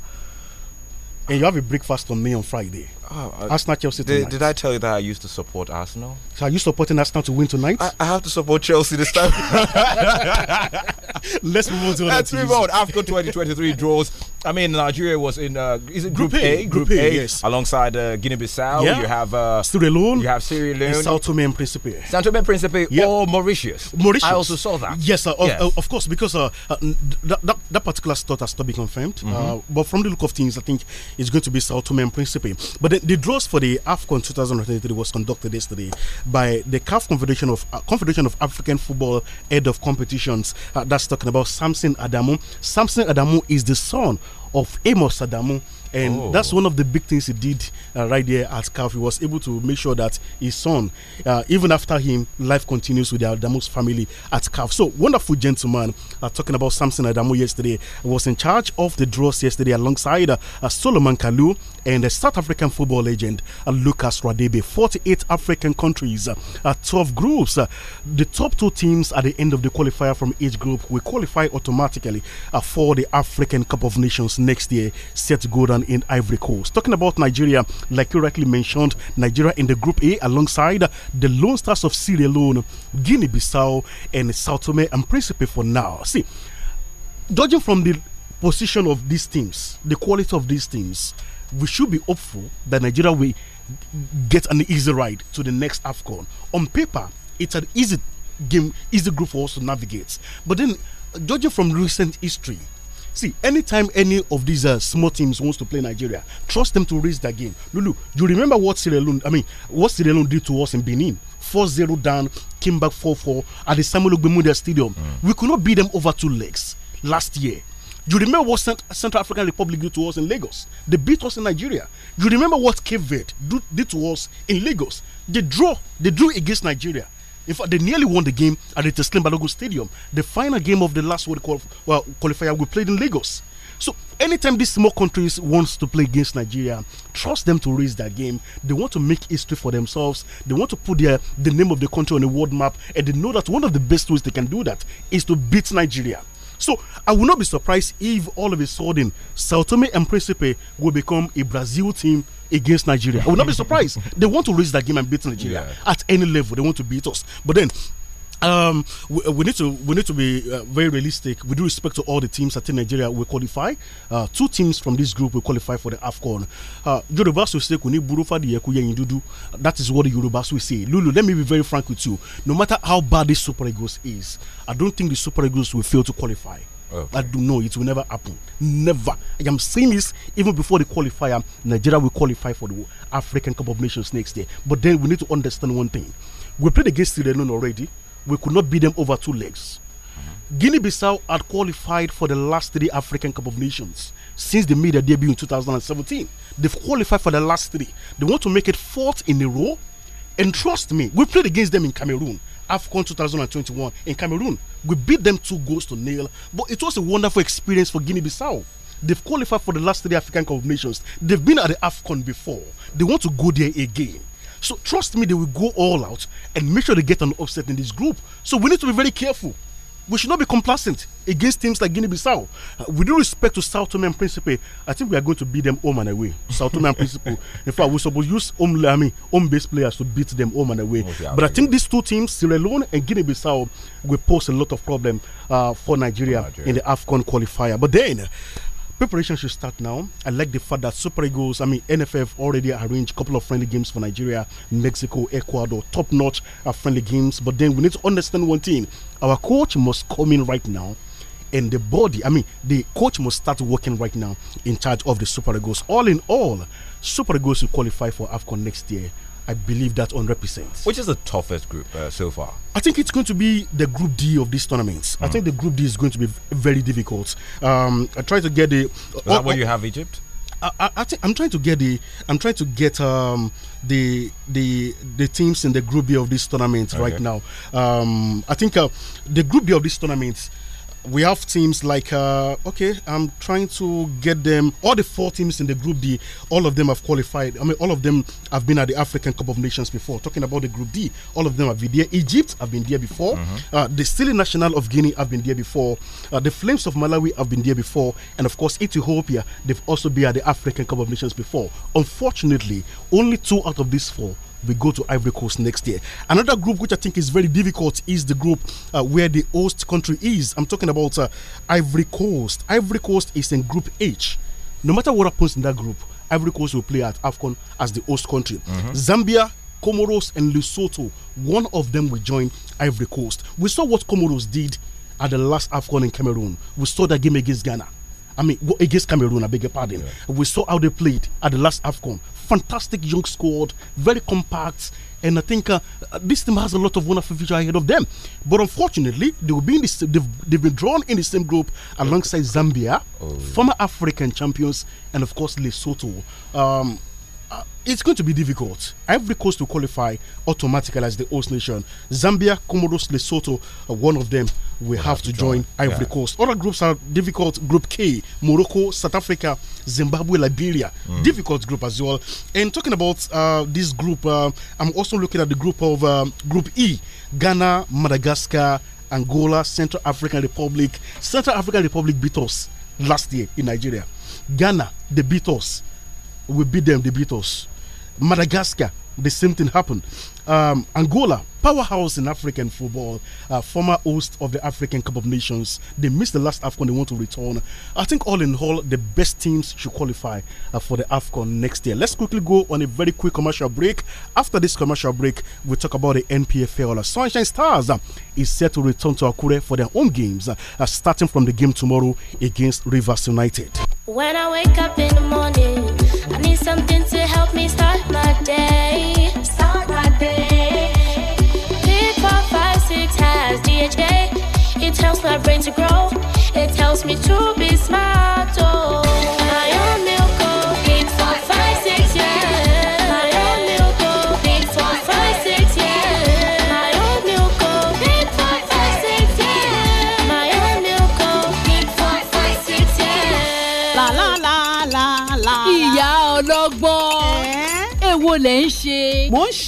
and you have a breakfast on me on Friday. Oh, Arsenal Chelsea tonight. Did, I tell you that I used to support Arsenal? So are you supporting Arsenal to win tonight? I, I have to support Chelsea this time. (laughs) Let's move on to Let's move on. AFCON 2023 draws I mean, Nigeria was in uh, is it Group, Group A? Group, A, a yes. Alongside uh, Guinea-Bissau, yeah. you have uh, Sierra Leone, you have Sierra Leone, Sao Tome and Principe, Sao Tome and Principe, yeah. or Mauritius. Mauritius. I also saw that. Yes, uh, yes. Of, uh, of, course, because uh, uh, that, that, that particular slot has not been confirmed. Mm -hmm. but from the look of things, I think it's going to be Sao Tome and Principe. But the, the draws for the Afcon 2023 was conducted yesterday by the CAF Confederation of Confederation of African Football Head of Competitions. that's talking about Samson Adamu. Samson Adamu is the son of Amos Adamu, And oh. that's one of the big things he did uh, right there at CAF. He was able to make sure that his son, uh, even after him, life continues with the Adamus family at CAF. So, wonderful gentleman. Uh, talking about Samson Adamu yesterday, was in charge of the draws yesterday alongside uh, Solomon Kalu and the South African football legend uh, Lucas Radebe. 48 African countries, uh, 12 groups. Uh, the top two teams at the end of the qualifier from each group will qualify automatically uh, for the African Cup of Nations next year, set to go down in Ivory Coast. Talking about Nigeria, like you rightly mentioned, Nigeria in the Group A alongside the Lone Stars of Sierra Leone, Guinea Bissau, and Sao Tome and Principe for now. See, judging from the position of these teams, the quality of these teams, we should be hopeful that Nigeria will get an easy ride to the next AFCON. On paper, it's an easy game, easy group for us to navigate. But then, judging from recent history, see, anytime any of these uh, small teams wants to play Nigeria, trust them to raise their game. Lulu, you remember what Sierra Leone, I mean, what Sierra Leone did to us in Benin? 4-0 down, came back 4-4 at the Samuel Ogbemudia Stadium. Mm. We could not beat them over two legs last year. You remember what Central African Republic did to us in Lagos? They beat us in Nigeria. You remember what Cape Verde did to us in Lagos? They draw. They drew against Nigeria. In fact, they nearly won the game at the Teslim Stadium, the final game of the last World qual well, qualifier we played in Lagos. So, anytime these small countries wants to play against Nigeria, trust them to raise their game. They want to make history for themselves. They want to put their the name of the country on the world map, and they know that one of the best ways they can do that is to beat Nigeria. So I will not be surprised if all of a sudden Sao Tome and Principe will become a Brazil team against Nigeria. I will not be surprised. they want to raise that game and beat Nigeria yeah. at any level. They want to beat us. But then um, we, we, need to we need to be uh, very realistic with respect to all the teams that in Nigeria will qualify. Uh, two teams from this group will qualify for the AFCON. Uh, That is what the Yorubas will say. Lulu, let me be very frank with you. No matter how bad this Super Eagles is, I don't think the Super Eagles will fail to qualify. Okay. I do know it will never happen. Never. I am saying this even before the qualifier. Um, Nigeria will qualify for the African Cup of Nations next year. But then we need to understand one thing. We played against Sudan already we could not beat them over two legs. Guinea Bissau had qualified for the last three African Cup of Nations since they made their debut in 2017. They've qualified for the last three. They want to make it fourth in a row. And trust me, we played against them in Cameroon, AFCON 2021 in Cameroon. We beat them two goals to nil, but it was a wonderful experience for Guinea Bissau. They've qualified for the last three African Cup of Nations. They've been at the AFCON before. They want to go there again. So trust me, they will go all out and make sure they get an upset in this group. So we need to be very careful. We should not be complacent against teams like Guinea-Bissau. Uh, with due respect to South Tome and Principe, I think we are going to beat them home and away. South Tome and Principe. (laughs) In fact, we're supposed to use home, I mean, home base players to beat them home and away. Okay, oh, but I think these two teams, Sierra Leone and Guinea-Bissau, will pose a lot of problem uh, for Nigeria, Nigeria, in the AFCON qualifier. But then Preparation should start now. I like the fact that Super Eagles, I mean, NFF already arranged a couple of friendly games for Nigeria, Mexico, Ecuador, top notch uh, friendly games. But then we need to understand one thing our coach must come in right now and the body, I mean, the coach must start working right now in charge of the Super Eagles. All in all, Super Eagles will qualify for AFCON next year. I believe that 100%. Which is the toughest group uh, so far? I think it's going to be the Group D of this tournament. Mm. I hmm. think the Group D is going to be very difficult. Um, I try to get the. Uh, is where uh, you have Egypt? I, I think I'm trying to get the I'm trying to get um, the the the teams in the Group B of this tournament okay. right now. Um, I think uh, the Group B of this tournament we have teams like uh, okay, I'm trying to get them. All the four teams in the Group D, all of them have qualified. I mean, all of them have been at the African Cup of Nations before. Talking about the Group D, all of them have been there. Egypt have been there before. Mm -hmm. uh, the Silly National of Guinea have been there before. Uh, the Flames of Malawi have been there before, and of course Ethiopia. They've also been at the African Cup of Nations before. Unfortunately, only two out of these four we go to Ivory Coast next year. Another group which I think is very difficult is the group uh, where the host country is. I'm talking about uh, Ivory Coast. Ivory Coast is in Group H. No matter what happens in that group, Ivory Coast will play at AFCON as the host country. Mm -hmm. Zambia Comoros and Lesotho, one of them will join Ivory Coast. We saw what Comoros did at the last AFCON in Cameroon. We saw that game against Ghana. I mean, against Cameroon, I beg your pardon. Yeah. We saw how they played at the last AFCON. Fantastic young squad, very compact. And I think uh, uh this team has a lot of wonderful future ahead of them. But unfortunately, they will be in this, they've, they've been drawn in the same group alongside Zambia, oh, yeah. former African champions, and of course, Lesotho. Um, uh, it's going to be difficult. Every coast to qualify automatically as the host nation. Zambia, Comoros, Lesotho, uh, one of them will we'll have, have, to join, join Ivory yeah. Coast. Other groups are difficult. Group K, Morocco, South Africa, Zimbabwe, Liberia. Mm. Difficult group as well. And talking about uh, this group, uh, I'm also looking at the group of um, Group E, Ghana, Madagascar, Angola, Central African Republic. Central African Republic beat us last year in Nigeria. Ghana, they beat us we beat them, they beat us. Madagascar, the same thing happened. Um, Angola, powerhouse in African football, uh, former host of the African Cup of Nations. They missed the last AFCON, they want to return. I think, all in all, the best teams should qualify uh, for the AFCON next year. Let's quickly go on a very quick commercial break. After this commercial break, we'll talk about the NPFL. Uh, Sunshine Stars uh, is set to return to Akure for their home games, uh, uh, starting from the game tomorrow against Rivers United. When I wake up in the morning, I need something to help me start my day. my brain to grow. It helps me to be smart. my milk My milk My milk My milk La la la ṣe? Mo ń ṣe.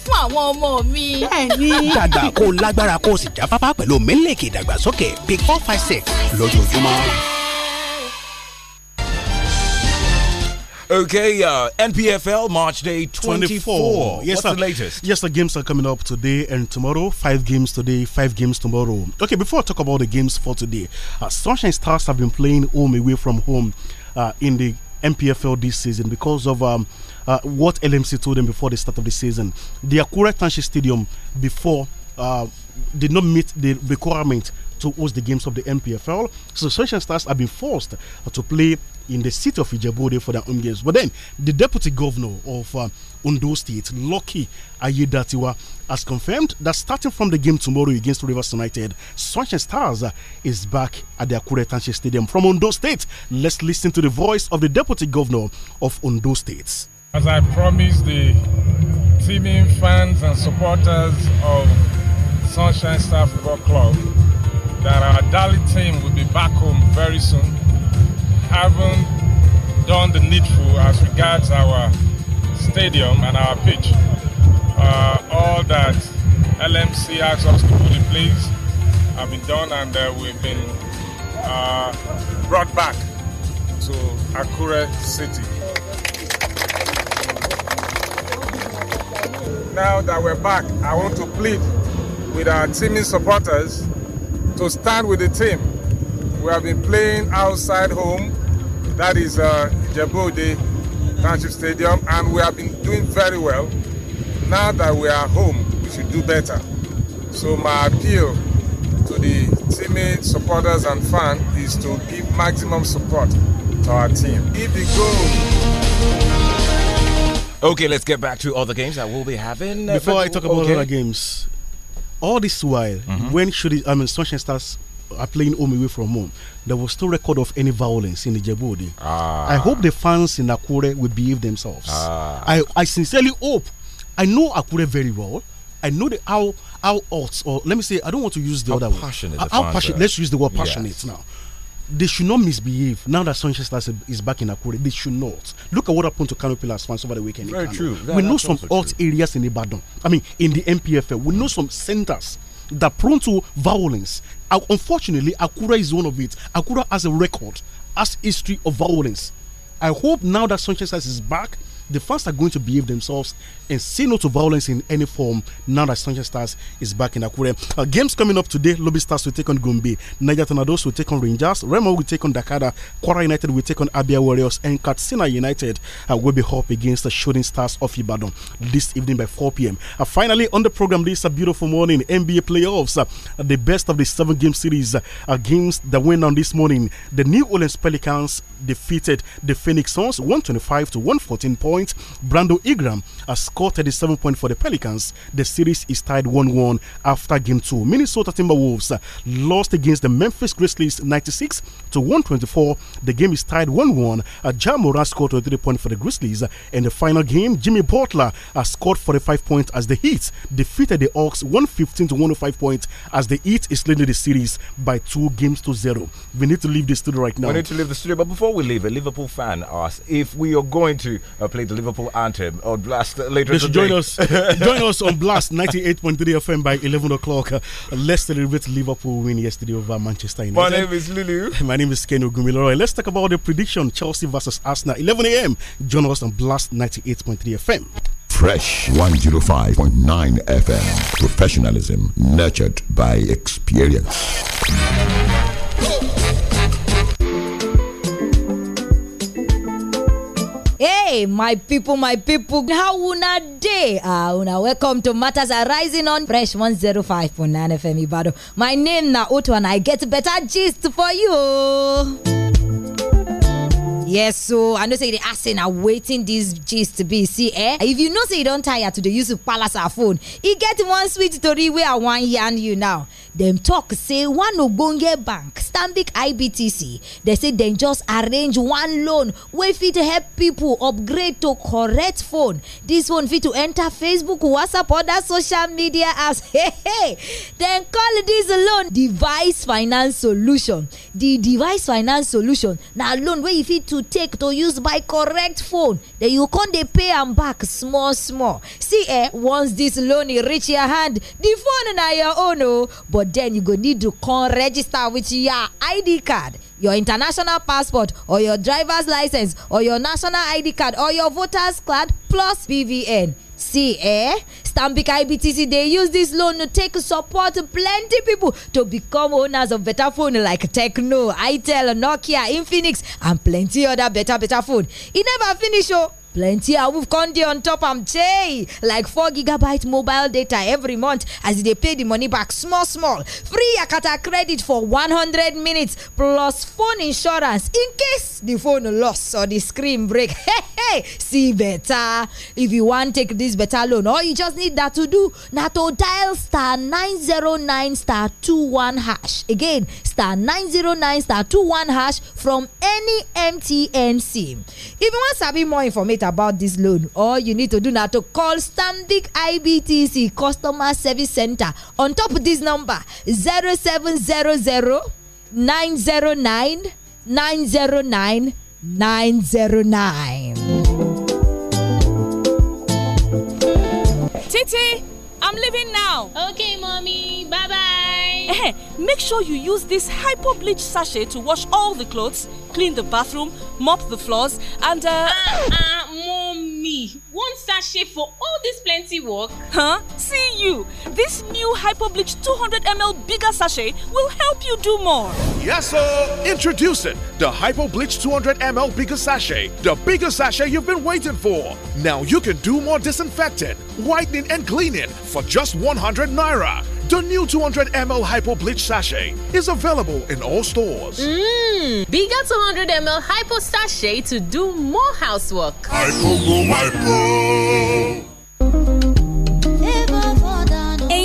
fún àwọn ọmọ mi. bẹ́ẹ̀ni dàgbà kó lágbára kó o sì jáfáfá pẹ̀lú mílíkì ìdàgbàsókè big four five six lójoojúmọ́. Okay, uh, NPFL March Day 24. 24. Yes, What's sir. the latest? Yes, the games are coming up today and tomorrow. Five games today, five games tomorrow. Okay, before I talk about the games for today, uh, Sunshine Stars have been playing home away from home uh, in the NPFL this season because of. Um, uh, what LMC told them before the start of the season. The Akure Township Stadium before uh, did not meet the requirement to host the games of the MPFL. So Sunshine Stars have been forced to play in the city of Ijebode for their home games. But then the deputy governor of uh, Undo State, Lucky Ayedatiwa, has confirmed that starting from the game tomorrow against Rivers United, Sunshine Stars uh, is back at the Akure Township Stadium. From Undo State, let's listen to the voice of the deputy governor of Undo State. As I promised the teaming fans and supporters of Sunshine Star Football Club that our Dali team will be back home very soon. Having done the needful as regards our stadium and our pitch. Uh, all that LMC asked us to put in place have been done and uh, we've been uh, brought back to Akure City. now that we're back, I want to plead with our teaming supporters to stand with the team. We have been playing outside home, that is uh, Djibouti Township Stadium, and we have been doing very well. Now that we are home, we should do better. So my appeal to the teammate, supporters, and fans is to give maximum support to our team. If the goal Okay, let's get back to other games that we'll be having. Uh, Before I talk about okay. other games, all this while, mm -hmm. when should it, I mean, Sunshine Stars are playing home away from home, there was no record of any violence in the Ah. I hope the fans in Akure will behave themselves. Ah. I, I sincerely hope. I know Akure very well. I know the, how how hot or let me say I don't want to use the how other passionate word. The how passionate? Let's use the word passionate yes. now they should not misbehave now that Sanchez is back in Akure. They should not. Look at what happened to Kano Pillars fans over the weekend. Very true. That, we know some hot areas in Ibadan. I mean, in the MPFL, we know some centers that are prone to violence. Uh, unfortunately, Akura is one of it. Akura has a record, has history of violence. I hope now that Sanchez is back, the fans are going to behave themselves and say no to violence in any form now that Sunshine Stars is back in Akure. Uh, games coming up today Lobby Stars will take on Gombe, Niger Tornadoes will take on Rangers, Remo will take on Dakada, Quara United will take on Abia Warriors, and Katsina United uh, will be up against the Shooting Stars of Ibadan this evening by 4 p.m. Uh, finally, on the program, this is a beautiful morning NBA playoffs, uh, the best of the seven game series uh, games that went on this morning. The New Orleans Pelicans defeated the Phoenix Suns 125 to 114 points points. Brando Igram has scored 37 points for the Pelicans. The series is tied 1 1 after game 2. Minnesota Timberwolves lost against the Memphis Grizzlies 96 to 124. The game is tied 1 1. Uh, Jamora scored 23 points for the Grizzlies. In the final game, Jimmy Butler has scored 45 points as the Heat defeated the Hawks 115 to 105 points as the Heat is leading the series by two games to zero. We need to leave the studio right now. We need to leave the studio, but before we leave, a Liverpool fan asked if we are going to uh, play played the Liverpool anthem on oh, Blast uh, later. They should today. join us. (laughs) join us on Blast 98.3 FM by 11 o'clock. Uh, let's celebrate Liverpool win yesterday over Manchester United. My name is Lulu. (laughs) My name is Ken Ogumiloro. Let's talk about the prediction Chelsea versus Arsenal. 11 a.m. Join us on Blast 98.3 FM. Fresh 105.9 FM. Professionalism nurtured by experience. Hey, my people, my people, how una day? Ah, una welcome to Matters Arising on Fresh 105.9 FM Ibado. My name na Otu and I get better gist for you. Yes, so I know say the asking and waiting this gist to be see eh. If you know say you don't tire to the use of palace phone, you get one sweet story where I want and you now. dem talk say one ogbonge bank stanbic ibtc dem say dem just arrange one loan wey fit help pipo upgrade to correct phone dis phone fit to enter facebook whatsapp other social media apps (laughs) hey hey dem call dis loan device finance solution di device finance solution na loan wey you fit to take to use buy correct phone den you con dey pay am back small small see eh once dis loan reach your hand di phone na your own o oh. but but then you go need to come register with your id card your international passport or your driver's license or your national id card or your voter's card plus pvn see eh stanbic ibtc they use this loan to take support plenty people to become owners of better phone like techno itel nokia infinix and plenty other better better phone e never finish oh. plenty of con dey on top am jay like four gigabyte mobile data every month as they dey pay the money back small small free yakata credit for 100 minutes plus phone insurance in case the phone loss or the screen break (laughs) hey, see better. If you want take this better loan, all you just need that to do now to dial star 909 star two one hash. Again, star 909 star two one hash from any MTN SIM. If you want to be more information about this loan, all you need to do now to call Stanbic IBTC Customer Service Center on top of this number zero seven zero zero nine zero nine nine zero nine. 909 909. Titi, I'm leaving now. Okay, mommy. Bye bye. Eh, hey, make sure you use this hypo bleach sachet to wash all the clothes, clean the bathroom, mop the floors, and uh. uh, uh see, one sachet for all this plenty work. Huh? See you. This new Hyperbleach 200ml bigger sachet will help you do more. Yes, sir. Introducing the Hyperbleach 200ml bigger sachet. The bigger sachet you've been waiting for. Now you can do more disinfecting, whitening, and cleaning for just 100 naira. The new 200 ml Hypo Bleach Sachet is available in all stores. Mmm, bigger 200 ml Hypo Sachet to do more housework. Hypo, go, hypo.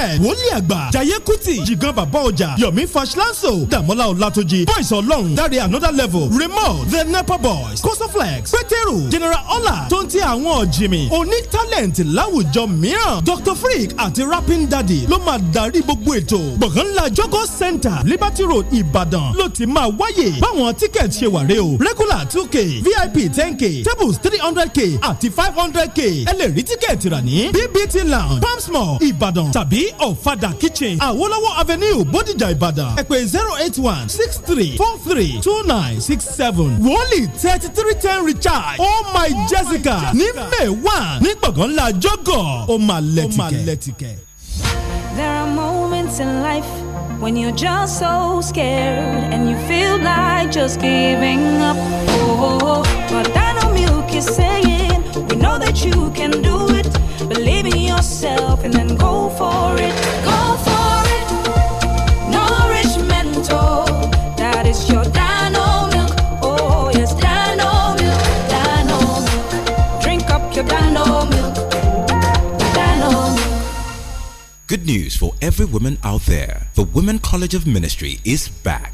ed wòlíì àgbà jaiye kuti jigan bàbá ọjà yomi fashlanso damola olatoji, boys ọlọ́run dáre another level remote the nepa boys kosoflex peteru general ola tó ń ti àwọn ọ̀jìmì oní talent láwùjọ mìíràn dr freak àti rapping daddy ló máa darí gbogbo ètò gbọ̀ngànlá jogo center liberty road ìbàdàn ló ti máa wáyè báwọn ticket ṣe wà rè o regular 2 k vip 10 k tables 300 k àti 500 k ẹ lè rí tíkẹ́ẹ̀tì rà ní bbt lounge palms mall ìbàdàn tàbí ní ọ̀fadà kitchen àwọlọ́wọ́ avenue bódìjà ìbàdàn ẹ̀pẹ̀ zero eight one six three four three two nine six seven wọ́ọ̀lì thirty three ten richard oh my oh jessica ní may one ní gbọ̀ngàn ńlá jọ́gọ̀ ó máa lẹ́tìkẹ́. There are moments in life when you're just so scared and you feel like just giving up. Oh, but Dino Milk is saying, We know that you can do it. Believe in yourself and for it, go for it. Nourish mental, that is your dino milk. Oh, yes, dino milk, dino milk. Drink up your dino milk, dino milk. Good news for every woman out there. The Women College of Ministry is back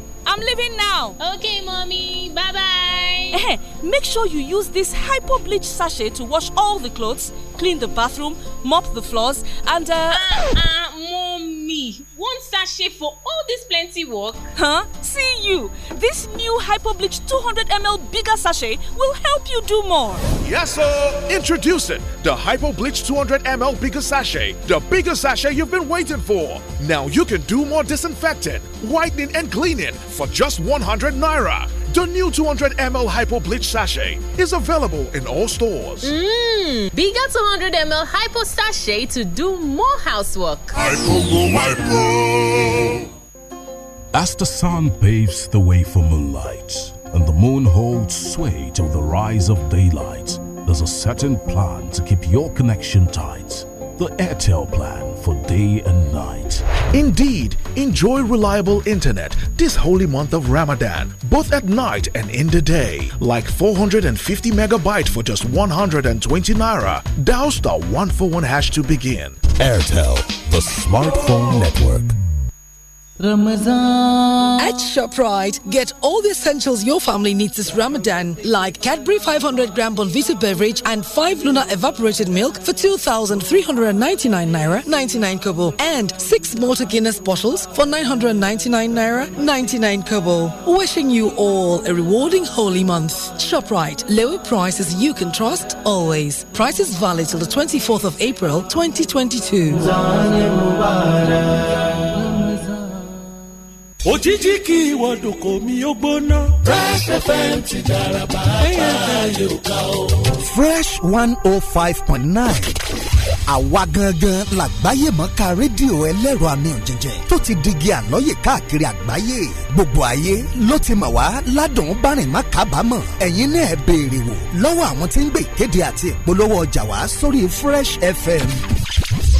I'm leaving now. Okay, mommy. Bye bye. (laughs) Eh, make sure you use this hypo bleach sachet to wash all the clothes, clean the bathroom, mop the floors, and uh. uh, uh me one sachet for all this plenty work? Huh? See you! This new Hyperbleach 200ml bigger sachet will help you do more. Yes, sir! Introducing the Hyperbleach 200ml bigger sachet, the bigger sachet you've been waiting for. Now you can do more disinfecting, whitening, and cleaning for just 100 naira. The new 200 ml Hypo Bleach Sachet is available in all stores. Mmm, bigger 200 ml Hypo Sachet to do more housework. Hypo Hypo! As the sun paves the way for moonlight and the moon holds sway till the rise of daylight, there's a certain plan to keep your connection tight. The Airtel plan for day and night. Indeed, enjoy reliable internet this holy month of Ramadan, both at night and in the day. Like 450 megabyte for just 120 naira. Dial star 141 hash to begin. Airtel, the smartphone network. Ramadan. At ShopRite, get all the essentials your family needs this Ramadan, like Cadbury 500 gram Bonvita beverage and 5 Luna evaporated milk for 2,399 naira 99 kobo, and 6 Malta Guinness bottles for 999 naira 99 kobo. Wishing you all a rewarding holy month. ShopRite, lower prices you can trust always. Prices valid till the 24th of April 2022. òjijì kí ìwọ́dùn kò ó gbóná. Fresh FM ti dára bàbá ayé òkà o. Fresh one oh five point nine àwa gangan làgbáyé mọ́ká rédíò ẹlẹ́rọ àmì òjẹ̀jẹ̀ tó ti digi àlọ́yè káàkiri àgbáyé gbogbo ayé ló ti mọ̀ wá ládùn bárìn má kábàámọ̀ ẹ̀yin náà béèrè wò lọ́wọ́ àwọn tí ń gbé ìkéde àti ìpolówó ọjà wá sórí Fresh FM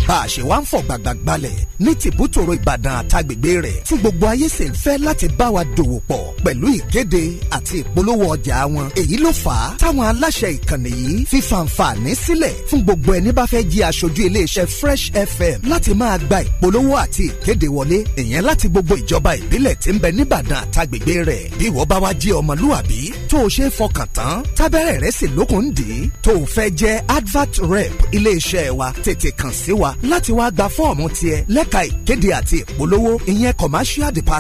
bá a ṣe wá ń fọ̀ gbàgbà gbalẹ̀ ní tìbútòrò Ìbàdàn àtàgbègbè rẹ̀ fún gbogbo ayé sì ń fẹ́ láti bá wa dòwò pọ̀ pẹ̀lú ìkéde àti ìpolówó ọjà wọn èyí ló fà á táwọn aláṣẹ ìkànnì yìí fi fàǹfààní sílẹ̀ fún gbogbo ẹni bá fẹ́ jí aṣojú iléeṣẹ́ Fresh FM láti máa gba ìpolówó àti ìkéde wọlé ìyẹn láti gbogbo ìjọba ìbílẹ̀ tí ń bẹ nìbàdàn àtàgbègbè rẹ̀ bí ìwọ bá wá jí ọmọlúwàbí tó o ṣe é fọkàn tán tábẹ́rẹ́ rẹ̀ sì lókun dì í tó o fẹ́ jẹ́ advert rep iléeṣẹ́ wa tètè kàn sí wa láti wá gba fọ́ọ̀mù tiẹ̀ lẹ́ka ìkéde àti ìpolówó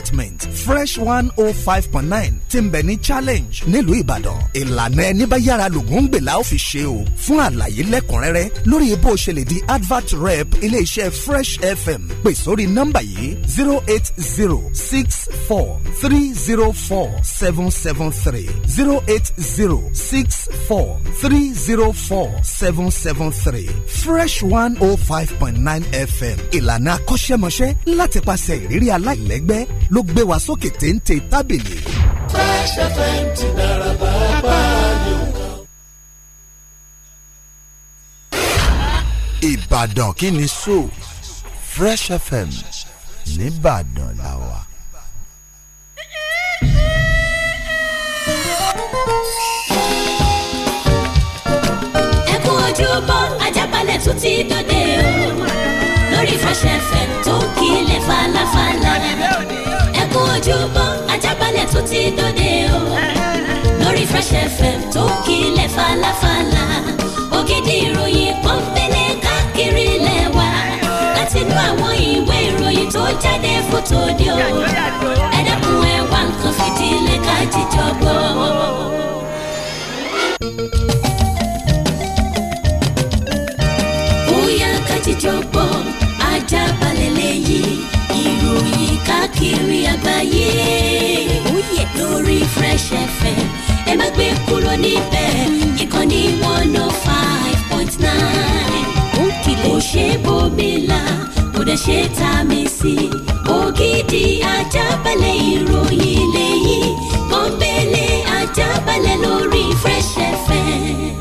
apartment fresh one oh five point nine tí ń bẹ ní challenge nílùú ìbàdàn ìlànà ẹni bá yára lògùn ń gbèlà ó fi ṣe o fún àlàyé lẹ́kùnrẹ́rẹ́ lórí bó o ṣe lè di advert rep iléeṣẹ́ fresh fm pè sórí nọ́mbà yìí zero eight zero six four three zero four seven seven three zero eight zero six four three zero four seven seven three fresh one oh five point nine fm ìlànà akọ́ṣẹ́mọṣẹ́ láti pàṣẹ ìrírí aláìlẹ́gbẹ́ ló gbé wa sókè téńté tábìlì. Fresh FM ti dára pàápàá ní òkà. Ìbàdàn kí ni so Fresh FM nìbàdàn la wà. ẹkún ojúbọ ajábalẹ̀ tún ti dòde o lórí Fresh FM tó kílẹ̀ falafala ojúbọ ajábalẹ̀ tó ti dòde o lórí Fresh FM tó kílẹ̀ falafala ògidì ìròyìn pọ́npẹ́lẹ́ káàkiri lẹ́wà láti inú àwọn ìwé ìròyìn tó jáde fótó di o ẹ dẹ́kun ẹ wá nǹkan fìdílé ká jíjọ gbọ́. bóyá ká jíjọ gbọ́ ajábalẹ̀ lẹ́yìn káàkiri àgbáyé lórí Fresh FM ẹ má gbé kúrò níbẹ̀ ìkànnì one oh five point nine kò ṣe bòmílà kò dẹ̀ ṣe tá a mi sí ògidì ajábalẹ̀ ìròyìn lẹ́yìn pọ́npẹ́lẹ́ ajábalẹ̀ lórí Fresh FM.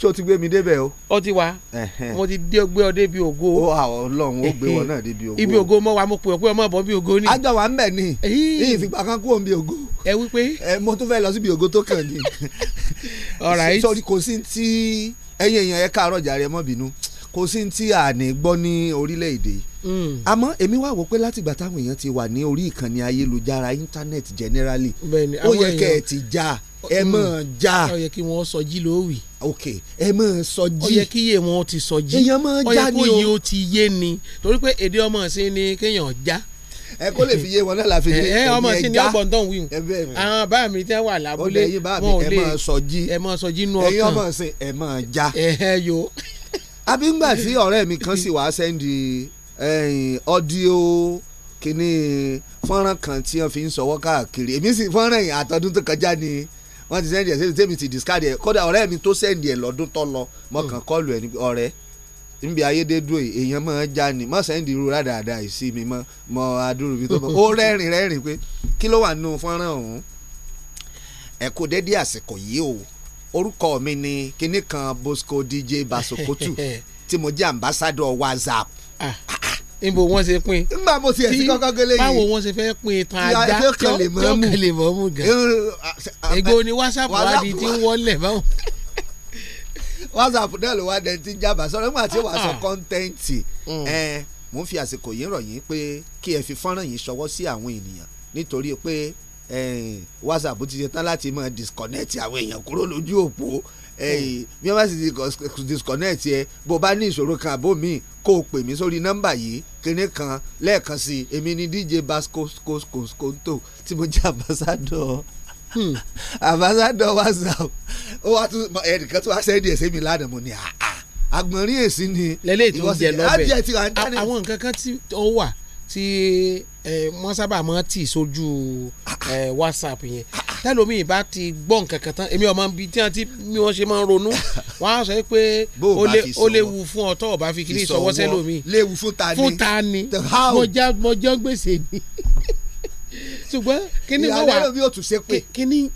tó ti gbé mi débẹ̀ o. ó ti wá mo ti gbé ọ débi ògo. ó Ọlọ́run ó gbé wọn náà débi ògo. ibi ògo mo wà mo pè ọ pé ọmọ ọbọ bí ògo ni. ajọ wa ń bẹ ni ìfipá kan kúrò ń ògo. ẹ wí ẹ mo tún fẹ́ lọ síbi ògo tó kàn ní. (laughs) alright kò sí ti ẹ̀yin èèyàn ẹ káàárọ̀ jàre ẹ má bínú kò sí ti àní gbọ́ ní orílẹ̀-èdè yìí Mm. àmọ́ èmi wá wò pé látìgbà táwọn èèyàn ti wà ní orí ìkànnì ayélujára internet generally ó yẹ kẹ́ ẹ ti já ẹ mọ̀ mm. já. ó yẹ kí wọ́n sọjí lówì. ok ẹ mọ̀ sọjí. ó yẹ kí iye wọn ti sọjí. èèyàn mọ̀ já ni o. ó yẹ kó yé o ti yé ni torí pé èdè ọmọ sí ni kéèyàn já ẹ kó lè fi yé wọn náà la fi yé (laughs) ẹ ọmọ sí ni ọgbọ̀n tó ń wí àwọn bá mi tẹ́ wà lábúlé wọn ò lè ẹ máa sọjí ẹ máa nú ọkàn ẹyin ọmọ sí ẹ máa já. abíngbà tí ọ̀rẹ́ mi kan sì wá sẹ́ndì ọ́díò kínní fọ́nrán kan tí wọ́n fi ń sọ̀wọ́ káàkiri èmi sì fọ́nrán yìí àtọ́dún tó kọjá ni wọ́n ti sẹ́ndì ẹ̀ sẹ́ndì tèmi ti discard ẹ̀ kódà ọ̀rẹ́ mi tó sẹ́ndì ẹ̀ lọ́dún tó lọ mọ̀kàn hmm. kọ́ọ̀lù ẹ̀ ọ̀rẹ́ nbí ayédèdú èèyàn máa ń já ni má sẹ́ndì irú rádàdà ìsí mi mọ́ mọ́ adúrú mi tó mọ́ (laughs) ó rẹ́rìn rẹ́rìn pé kí ló wà nínú fọ́nrán ọ̀hún ẹ kò dédé àsìkò yìí o orúkọ mi ni kinní Bosco DJ Basokotu (laughs) tí mo jẹ́ ambassador WhatsApp Ah, níbo wọ́n ṣe pín. nígbà bó ti ẹ̀ sí kọ́kọ́ gẹ́lẹ́ yìí báwo wọ́n ṣe fẹ́ pín tan ajá tó kẹlẹ̀ mọ́mú gan. ègbò ni whatsapp wá di tí ń wọlé báwọn whatsapp náà ló wá dẹni tí ń jábà sọ̀rọ̀ nígbà tí wàá sọ ah, ah. kọ́ńtẹ́ǹtì hmm. ẹ̀ mò ń fi àsìkò yìí rọ̀ yín pé kí ẹ fi fọ́nrán yìí ṣọwọ́ sí àwọn ènìyàn nítorí pé whatsapp ti ṣe tán láti máa disconnect àwọn èèyàn kúrò lójú òpó hmm. bí wọ́n bá sì disconnect ẹ bó bá ní ìṣòro kan àbó míì kó o pè mí sórí nọ́mbà yìí kinní kan lẹ́ẹ̀kan sí i èmi ni DJ Basco Skonto tí mo jẹ́ ambassador hmm. ambassador WhatsApp ó wá tún ẹnìkan tó wá sẹ́ndì ẹ̀sẹ̀ mi lánàá mo ní àgbọ̀nrín èsì ni lẹ́lẹ́ ìtúnjẹ lọ́bẹ̀ àwọn nǹkan kan tí ó wà tí wọ́n sábà máa tì sójú whatsapp yẹn tẹ́lómi ìbá ti gbọ́ nǹkan kan tán èmi ọmọ bíi tí wọ́n ti mi wọ́n ṣe máa ń ronú wọ́n á sọ pé ó léwu fún ọtọ́ ọba fi kiri ìsọwọ́ sẹ́lómi léwu fún ta ni fún ta ni mo jẹ́ gbèsè ni ṣùgbọ́n kíní wọ́n wà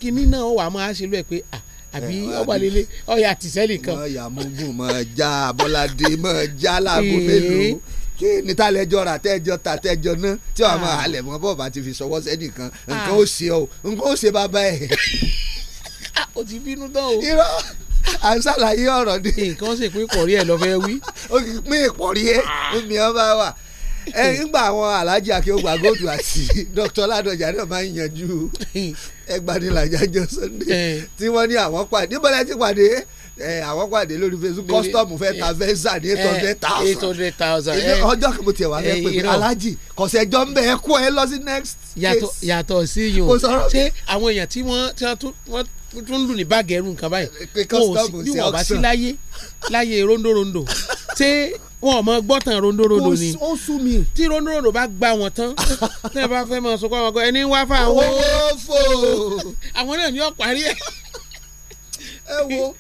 kíní náà wọ́n wà máa ṣe lóye pé ah àbí ọba lele ọyà tìṣẹ́lì kan. ọyà mugun mọ̀ já abọ́ládé mọ̀ já láago mélòó eh, ṣé níta lẹjọ rà tẹjọ tà tẹjọ ná tí wàá máa ah. halẹ̀ mọ́ bọ́ọ̀ bá ti fi sọwọ́ sẹ́nìkan ah. nǹkan ó ṣe ọ nǹkan ó ṣe bàbá ẹ̀. (laughs) o ti bínú tán o. irọ́ à ń ṣàlàyé ọ̀rọ̀ ni. nǹkan sì (laughs) pín ìpọ̀rí ẹ̀ lọ́fẹ́ ah. wí. ó ti pín ìpọ̀rí ẹ̀ mi ọ́ bá wà ẹ eh. nígbà àwọn alájà kí ó àti (laughs) dr ládọjà náà máa ń yanjú eh. ẹgbanilájà jọ sunday eh. tí wọ́n ní àwọn pàdé níbo la ti pàdé ẹ àwọn pàdé lórí facebook custom fẹ́ ta visa ní eight hundred eh, thousand eight hundred thousand ẹ eh, ọjọ́ kan mo tiẹ̀ wá fẹ́ eh, pè mí alájì kọ̀sẹ̀jọ́ ń bẹ̀ ẹ kú ẹ lọ sí next case yàtọ̀ sí yìí o ṣé àwọn èèyàn tí wọ́n tún lù ní báàgì ẹrù nǹkan báyìí bí wọ́n bá sí láyé láyé rondorondo ṣé wọn ò mọ gbọ́tàn rondorodo ni ó sú mi tí rondorodo bá gba wọn tán tí wọn bá fẹ́ mọ sọkọ ọmọkọ ẹni wá fún àwọn owó fò àwọn náà ni ó parí ẹ. ẹ wo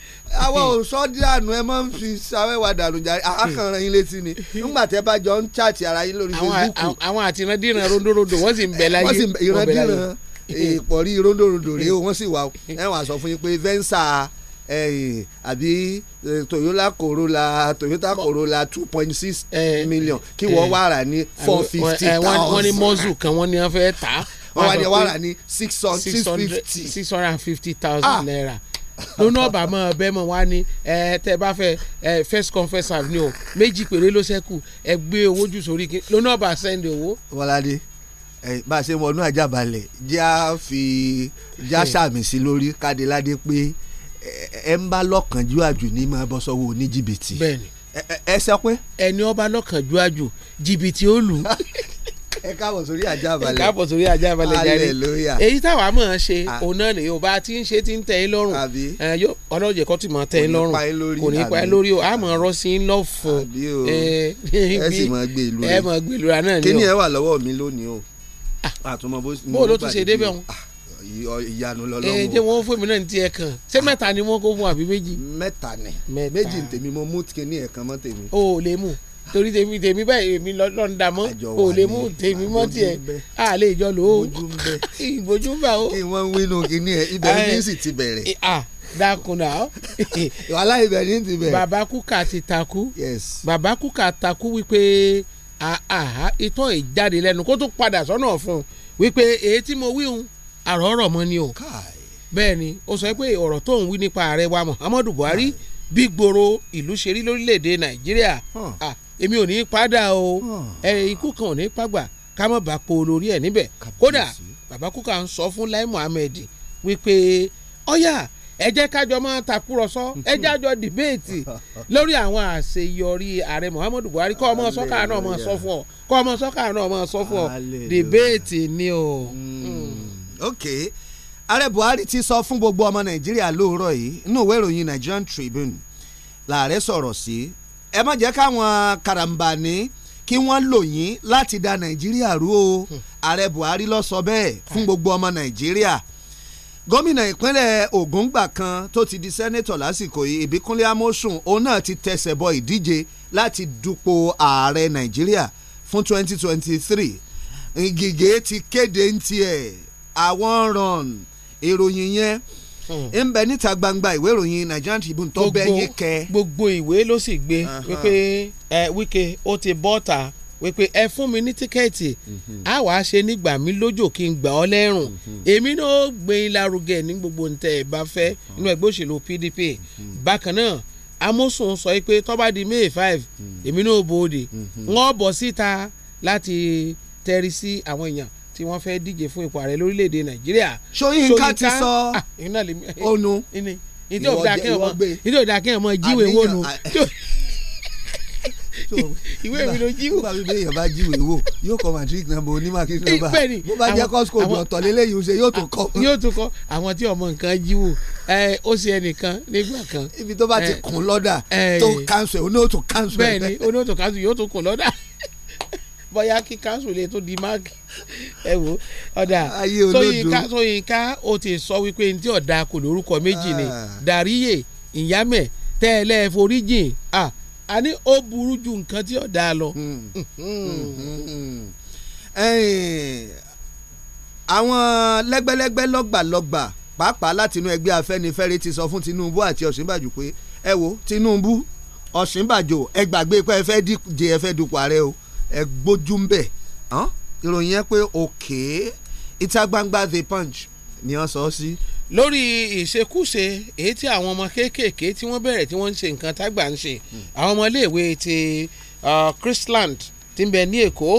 àwa ò sọ dànù ẹ máa ń fi sáwẹ́wà dànù jàre àkànràn hmm. yín létí ni (laughs) nígbà tẹ́ bá jọ ń chaàtì ara yín lórí Facebook. àwọn àti ìrandíran rondorodo wọ́n sì ń bẹ láyé. wọ́n sì ìrandíran ìpọ̀rí eh, rondorodo rèé wọ́n sì wà (laughs) ẹ̀wọ̀n àsọ fún yín pé venza eh, àbí eh, toyota corolla toyota corolla two point six million kí wọ́n wá rà ní four fifty thousand. wọ́n ní mọ́sù kan wọ́n ní wọ́n fẹ́ tà wọ́n wá ní six hundred six fifty thousand ah! naira lónà ọ̀bà mọ́ ẹ bẹ́ẹ̀ mọ́ wá ní ẹ tẹ́ bá fẹ́ ẹ first confessor ni o méjì péré ló ṣẹ́kù ẹ gbé owó jù sórí kí lónà ọ̀bà send owó. wọ́ládé bá a ṣe wọnú àjàbalẹ̀ já fi já sàmì sí lórí kádéládé pé ẹ ń bá lọ́kànjú àjù ní máa bọ́ sọ́wọ́ oníjìbìtì. bẹ́ẹ̀ni ẹ sọ pé. ẹni ọba lọ́kànjú àjù jìbìtì ó lù ú. (laughs) ẹ káàbọ̀ sórí ajá balẹ̀ ẹ káàbọ̀ sórí ajá balẹ̀ jàre hallelujah èyí táwa mọ̀ ọ́n ṣe ah. òun náà nìyẹn ò bá ti ń ṣe ti ń tẹ́ ẹ lọ́rùn ọlọ́run jẹ́ kó tì mọ́ tẹ́ ẹ lọ́rùn kò ní pa ẹ lórí o àmọ́ ọ̀rọ̀ sí ń lọ fún ẹ sì mọ̀ gbé ìlú rẹ ẹ mọ̀ gbé ìlú rẹ náà ni o kí ni ẹ wà lọ́wọ́ mi lónìí o àtúmọ̀ ah. bó bó ló tún ṣe débẹ̀ wọn ah, ìyanu lọlọ́wọ́. ẹ jẹ́ wọ́n fún mi náà ní tiẹ̀ kan ṣé mẹ́ta ni wọ́n kó fún àbí méjì. mẹ́ta ni méjì ní tèmi mo mú kíní ẹ̀ kan mọ́ tèmi. o ò lè mú torí tèmi tèmi báyìí èmi lọ́n da mọ́ kò lè mú tèmi mọ́ tiẹ̀ a lè jọ lò ó ìbojú ń bà ó. (laughs) kí wọ́n ń wínú kíní ẹ ibẹ̀ ní sì ti bẹ̀rẹ̀. dákunná (laughs) wàhálà ibẹ̀ ní ti bẹ̀rẹ̀. bàbá kúkà ti takú bàbá kúkà takú wípé ìtọ́ ìjáde lẹ́nu kó tó padà sọ́nà fún un wípé èyí tí mo wí hun àrọ́rọ̀ mọ́ ni o bẹ́ẹ̀ ni ó sọ pé ọ̀rọ̀ tó ń wí nípa ààrẹ wa Muhammadu Buhari bí gbòòrò ìlú ṣe rí lórílẹ̀‐èdè Nàìjíríà èmi ò ní padà o hmm. ẹ ikú kan ò ní í pàgbà ká mọ̀ bá po olórí ẹ̀ níbẹ̀ kódà bàbá ń sọ fún Lai Muhammed wípé ọ̀yà ẹ jẹ́ kájọ máa takúrọ̀sọ ẹ jẹ́ àjọ dìbéètì (laughs) lórí àwọn àṣeyọrí ààrẹ Muhammadu Buhari kọ́ ọmọ sọ́kà náà máa sọ fún ọ kọ́ ọmọ sọ́kà náà máa sọ fún ọ dìbéètì ni o. Hmm. ok ààrẹ Buhari ti sọ fún gbogbo ọmọ Nàìjíríà lóòrọ̀ yìí inú ìwé ìròyìn Nigerian Tribune lààrẹ sọ̀rọ̀ sí ẹ má jẹ́ káwọn karambani kí wọ́n lò yín láti da nàìjíríà rú o ààrẹ buhari lọ sọ bẹ́ẹ̀ fún gbogbo ọmọ nàìjíríà gómìnà ìpínlẹ̀ Ògùn gbà kan tó ti di sẹ́nẹ́tọ̀ lásìkò yìí ìbíkúnlé amósùn òun náà ti tẹsẹ̀ bọ ìdíje láti dupò ààrẹ nàìjíríà fún 2023 ngige ti kéde ń tiẹ̀ àwọn ràn èròyìn yẹn ń bẹ níta gbangba ìwé ìròyìn Nigerian Tribune tó bẹ yé kẹ. gbogbo ìwé ló sì gbé wípé ẹ Wike ó ti bọ́ta wípé ẹ fún mi ní tíkẹ́ẹ̀tì mhm. á wàá ṣe nígbà mí lójó kí n gbà ọ́ lẹ́rùn mhm. èmi náà gbé e lárugẹ ní gbogbo ntẹ ẹ bá inú ẹgbẹ́ òṣèlú PDP mhm. bákan náà amósùn sọ pé tó di May five èmi náà bòde wọ́n bọ̀ síta láti tẹ̀rí sí àwọn èèyàn tí wọ́n fẹ́ díje fún ipò ààrẹ lórílẹ̀‐èdè nàìjíríà. Ṣóyínká ti sọ ah, onu ìdí òdà kẹ́hìn ọmọ jíwèé wò nu (laughs) ìwé mi ló jíwò. nígbà wípé èèyàn bá jíwò wò yóò kọ matric number onímàkìrì nọ́mbà bó bá jẹ́ kọ́sìkò gbọ̀n tọ̀lé lẹ́yìn oṣù yóò tún kọ́. yóò tún kọ́ àwọn tí ọmọ nǹkan jíwò ó ṣe ẹnìkan nígbà kan. ibi tó bá ti kún lọ́dà tó cancel oní cancel. bẹ́ẹ̀ni oní cancel yóò tún kún lọ́dà bóyá kí council lè tó di máàkì ẹ wo ọ̀dà sóyínká ó ti sọ wípé ní tí ọ̀dà kò lórúkọ méjì ni ah. dàríyè ìyámẹ̀ tẹ́lẹ̀ foríjìn a ní ó burú ju nǹkan tí ọ̀dà lọ. Hmm. Hmm. Hmm. àwọn lẹ́gbẹ́lẹ́gbẹ́ lọ́gbàlọ́gbà pàápàá látinú ẹgbẹ́ afẹ́nifẹ́re ti sọ fún Tinubu àti Ọ̀ṣínbàjò pé ẹ wo Tinubu Ọ̀ṣínbàjò ẹ gbàgbé pé ẹ fẹ́ di, ẹ fẹ́ dupò ààrẹ o ẹ gbójú ń bẹ̀ ìròyìn yẹn pé òkè ìta gbangba the punch ni wọ́n sọ ọ́ sí. lórí ìṣekúṣe èyí tí àwọn ọmọ kéékèèké tí wọ́n bẹ̀rẹ̀ tí wọ́n ń ṣe nǹkan tágbà ń ṣe hmm. àwọn ọmọ iléèwé ti Christland ti ń bẹ ní Èkó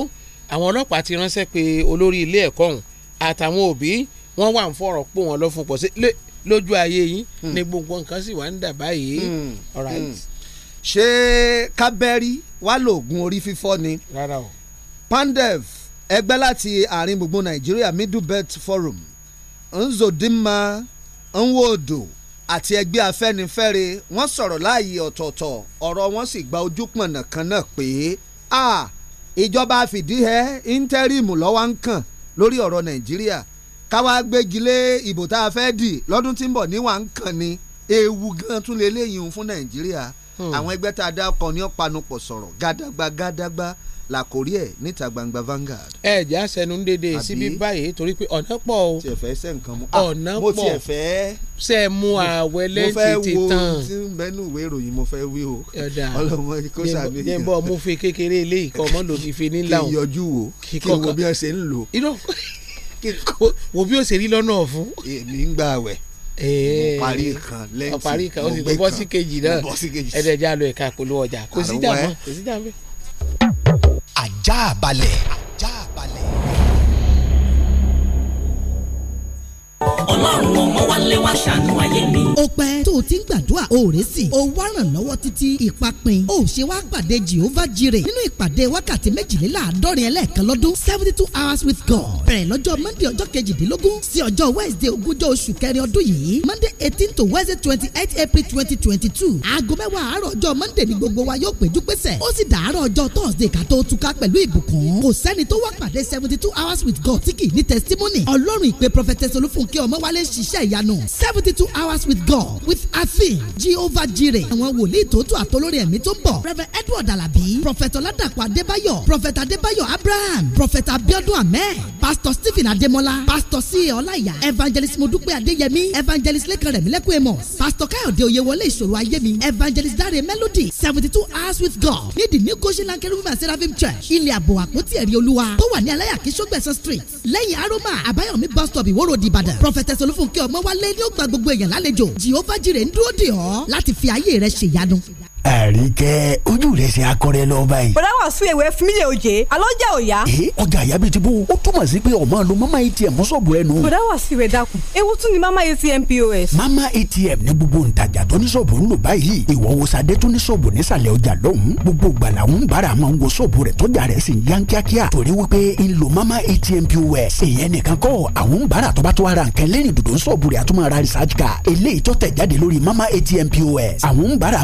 àwọn ọlọ́pàá ti ránṣẹ́ pé olórí ilé ẹ̀kọ́ ọ̀hún àtàwọn òbí wọ́n wà ń fọ̀rọ̀ pò wọ́n lọ́fun pọ̀ sí lójú ayé yín hmm. ni gbogbo nǹkan sì wà ń dà báyìí. Hmm ṣé kábẹ́rí wà lóògùn orí fífọ́ ni pandev ẹgbẹ́ láti àárín gbùngbùn nàìjíríà middle belt forum nzodinma nwodo àti ẹgbẹ́ afẹ́nifẹ́re wọ́n sọ̀rọ̀ láàyè ọ̀tọ̀ọ̀tọ̀ ọ̀rọ̀ wọn sì gba ojú pọ̀nà náà pé a ìjọba fìdíhẹ́ íńtẹ́rìmù lọ́wọ́ ń kàn lórí ọ̀rọ̀ nàìjíríà káwá gbégi lé ìbò tá a fẹ́ dì lọ́dún tí ń bọ̀ níwà ń kàn ni ewu gan tún lè léyìn fún nàìjíríà Hmm. àwọn ẹgbẹ́ tá a dá ọkọ̀ ní ọ̀panupọ̀ sọ̀rọ̀ gàdàgbà gàdàgbà làkórí ẹ̀ níta gbangba Vanguard. ẹ jẹ́ àṣẹnu ń dédé síbí báyìí torí pé ọ̀nà pọ̀ o ọ̀nà pọ̀ mo tiẹ̀ fẹ́ ṣe mu ah, àwẹ̀ lẹ́ǹtì tán. mo fẹ́ wo tí ń bẹ́nu ìwé ìròyìn mo fẹ́ wí o ọlọ́mọ kó sàbí. jẹ́nbọ́ mo fi kékeré ilé ìkọ́ ọmọ lòdì fi ní (laughs) làwọn. kí yọjú wo kí wo bí wọ́n ṣe ń lò. (laughs) wo bí ó ṣe rí lọ́nà ọ̀fun. èmi ń gbà wẹ̀ mo eh, parí kan lẹ́ǹtì mo parí kan ó sì bọ́ sí kejì náà ẹ̀ẹ́dẹ̀ẹ́dẹ́ àlọ́ ẹ̀ka ìpolówó ọjà kò sí jàmbá kò sí jàmbá. àjà balẹ̀. ọlọ́run ọmọ wálé wá ṣàánú ayé mi. ó pẹ́ tó o ti ń gbàdúrà òòrè sí i ó wá ràn lọ́wọ́ títí ìpapin ó ṣe wá pàdé Jehovah jire nínú ìpàdé wákàtí méjìléláàádọ́rin ẹlẹ́ẹ̀kan lọ́dún seventy two hours with God bẹ̀rẹ̀ lọ́jọ́ Monday ọjọ́ kejìdínlógún sí ọjọ́ Wednesday ogúnjọ́ oṣù kẹrin ọdún yìí Monday eighteen to Wednesday twenty eight April twenty twenty two aago mẹ́wàá àárọ̀ ọjọ́ Monday ni gbogbo wa yóò péjú pésẹ̀ ó sì dàárọ̀ ọjọ́ Thursday ká tó túká pẹ̀lú ìbùkún kò sẹ́ni seventy two hours with God tí kì testimony ọlọ́run ìpè prophetess olúfúnkẹ́ ọmọ Ọlọ́wálé ṣiṣẹ́ ìyanu seventy two hours with God with athene Jehovah Jireh àwọn wòlíì tó tó àtolórí ẹ̀mí tó ń bọ̀ Rev Edward Alabi Prophet Oladapo Adébáyọ̀ Prophet Adébáyọ̀ Abraham Prophet Abiodun Ahmed Pastor Stephen Adémọ́lá Pastor C Ọláyà Evangelist Modupe Adéyẹmí Evangelist Lékan Rẹ̀mílẹ́kùn Amos Pastor Káyọ̀dé Oyewọlé Ìṣòro Ayémi Evangelist Dare Melody seventy two hours with God ní the new Goshenland Kerubim and Seraphim Church ilé àbò àpótí ẹ̀rí olúwa tó wà ní aláyàkí sógbẹ̀sán street lẹ́yìn aroma àbáyọ̀mí bus stop ìwóró di Ìbàdàn Prophet pásítẹ̀ solúfúnkẹ́ ọmọ wálé ní ó gba gbogbo èèyàn lálejò jehova jire ń dúró dè ọ́ láti fi ayé rẹ ṣèyanu àríkẹ́ ojú rẹ̀ ṣe akọrẹ lọ báyìí. bọ̀dá wà sún ewé fún mi oje alọ́jà òya. ee ọjà àyà bíi ti bó o túmọ̀ sí pé ọmọ lo mama atm mọ́sọ̀bù rẹ nù. bọ̀dá wà sí ìwé dákun ewu tún ni mama atm pos. mama atm ní gbogbo ntajà tó ní sọ̀bù ń lò báyìí ìwọ wo sadé tó ní sọ̀bù nísàlẹ̀ ọjà lọ́hùn gbogbo gbala ń bára máa ń wo sọ̀bù rẹ̀ tọ́jà rẹ̀ sì ń yan kíákíá torí mama atm pos èèyàn nìkan kọ́ àwọn ń bára tó bá tó ara nǹkan lẹ́yìn dòdò sọ̀bù rẹ̀ àtúmọ̀ ara research card mama atm pos àwọn ń bára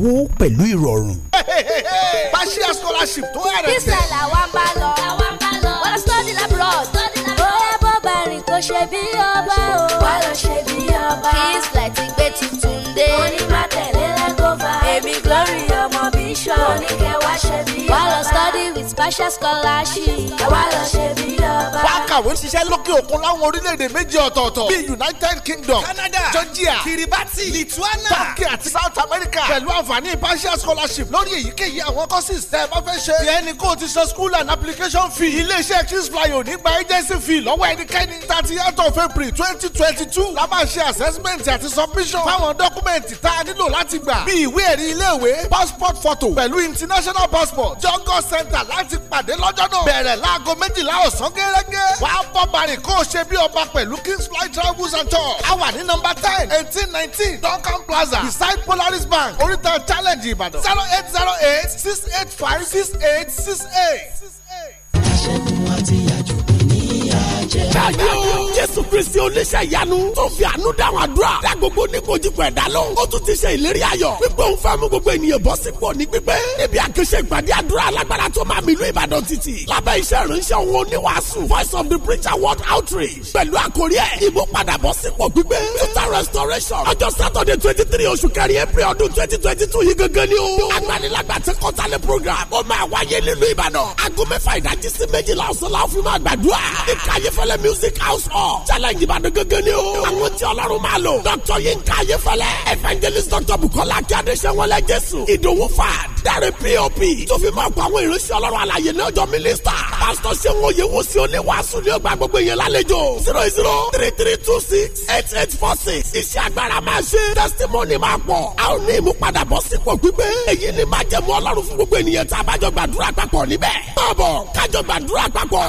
owó pẹ̀lú ìrọ̀rùn. partial scholarship tó yàrá tẹ. dísẹ̀ làwa ń bá lọ wọ́n study abroad bóyá bó bá rìn kó ṣe bí ọba o wọ́n lọ ṣe bí ọba kí ìsìlẹ̀ ti gbé tuntun. special scholarship. ẹ wá lọ ṣe bí ọba. wá kàwé ṣiṣẹ́ lókè òkun láwọn orílẹ̀-èdè méjì ọ̀tọ̀ọ̀tọ̀ bíi united kingdom canada georgia kiribati lithuania turkey àti south america pẹ̀lú àǹfààní partial scholarship lórí èyíkéyìí àwọn courses tẹ́ ẹ bá fẹ́ ṣe. ìyẹn ni kò ti sọ school and application fee. iléeṣẹ́ kingsfly ò ní gba agency fee lọ́wọ́ ẹnikẹ́ni. thirty eight of april twenty twenty two la máa ṣe assessment àti submission fáwọn dọ́kúmẹ̀ntì tá a nílò láti gbà bíi ìwé ẹ̀rí iléèwé passport photo pẹ̀lú international passport Jungle center láti ìpàdé lọ́jọ́ náà bẹ̀rẹ̀ láago méjìlá ọ̀sán gẹ́gẹ́. wàá bọ́ bàrì kó o ṣe bí ọba pẹ̀lú Kingsfly travels and tours. a wà ní nọ́mbà ten eighteen nineteen Duncan Plaza beside Polaris Bank Oríta challenge Ìbàdàn zero eight zero eight six eight five six eight six eight. ṣé mo ti yàjú? jáde o jésù kristi oníṣẹ́ ìyanu tó fi àánú dáhùn àdúrà lágbogbo nípojúpọ̀ ẹ̀dá lọ ó tún ti ṣe ìlérí ayọ̀ pípé òun fẹ́ mú gbogbo ènìyàn bọ́ sípò ní pípé níbi àkẹ́ṣe ìpàdé àdúrà alágbára tó máa mi ìlú ìbàdàn títì lábẹ́ iṣẹ́ ìránṣẹ́ òun oníwàásù voice of the preacher world outreach pẹ̀lú àkórí ẹ̀ ìmúpadàbọ̀ sípò gbígbé total restoration ọjọ́ saturday twenty three oṣù kẹrin april ọdún twenty twenty two yìí gangan ni o agbanilagba ti kọ́tàlẹ̀ program ó máa wáyé nílùú ìbàdàn aago mẹ́fà ìdájí sí méjìlá ọ̀sán la ó fi máa gbàdúrà ìkàyẹ̀f ayefẹlẹ music house hall challenge ìbàdàn gẹ́gẹ́ ni o. àwọn tí ọlọ́run máa lò. dr yinka ayefẹlẹ evangelist dr bukola akíndéṣẹ́wọlé jésù ìdòwò fad dẹ́rẹ́ pop tó fi máa kó àwọn ìránṣẹ́ ọlọ́run àlàyé ní ọjọ́ mínísítà pásítọ̀ sẹ́wọ̀n òye wo sí olè wàásù ní ọgbà gbogbo yẹn lálejò zero zero three three two six eight eight four six iṣẹ́ agbára máa ṣe testimony máa pọ̀ a ò ní ìmúpadàbọ̀ sípò gbígbé èyí ni máa jẹ́ mú ọlọ́run fún gbogbo ènìyàn tá a bá jọ gbàdúrà papọ̀ níbẹ̀ báàbọ̀ kájọ gbàdúrà papọ̀.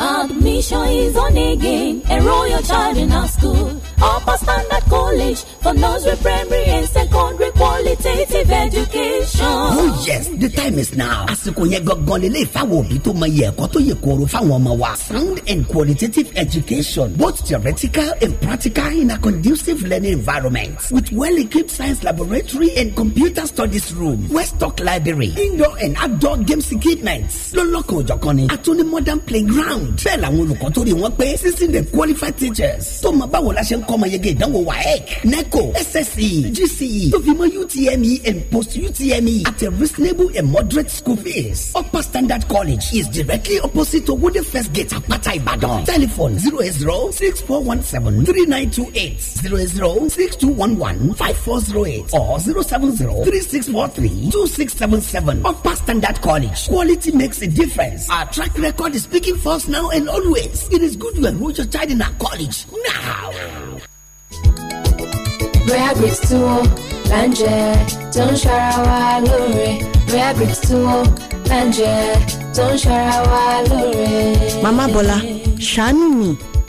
Admission is on again. Enroll your child in our school. Upper Standard College for nursery, primary, and secondary qualitative education. Oh yes, the time is now. Àsìkò yẹn gangan lélẹ̀ ìfáwọn òbí tó mọ iye ẹ̀kọ́ tó yẹ kóró fáwọn ọmọ wa. Sound and qualitative education, both theoretical and practical in a conducive learning environment with well-equipped science laboratory and computer studies room, Westock library, indoor and outdoor games equipment. Lọ́lọ́kan òjọ̀kan ni, a tún ní modern playground. Bẹ́ẹ̀ làwọn olùkọ́ tó rí wọn pé, season the qualified teachers tó mọ báwo la ṣe ń kọ́ akọ́mọyege ìdánwò waec neco ssce gce tó fi utme and post utme at a reasonable and moderate school fees upper standard college is directly opposite to wode first gate apata ibadan telephone zero eight zero six four one seven three nine two eight zero eight zero six two one one five four zero eight or zero seven zero three six four three two six seven seven upper standard college quality makes a difference our track record is speaking for us now and always it is good to enroll your child in our college now bóyá grits tí wọ́n là ń jẹ tó ń ṣara wa lóore bóyá grits tí wọ́n là ń jẹ tó ń ṣara wa lóore. màmá bọ́lá ṣàánú mi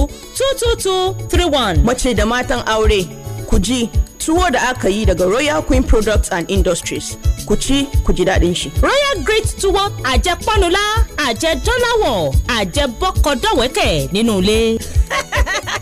two two two three one. Mace da matan aure ku ji tuwo da aka yi daga Royal Queen Products and Industries. Ku ci ku ji daɗin shi. Royal Great Tuwo àjẹ pọ́nulá àjẹ dọ́làwọ̀ àjẹ bọ́kọ̀ dọ̀wẹ́kẹ̀ nínú ilé. (laughs)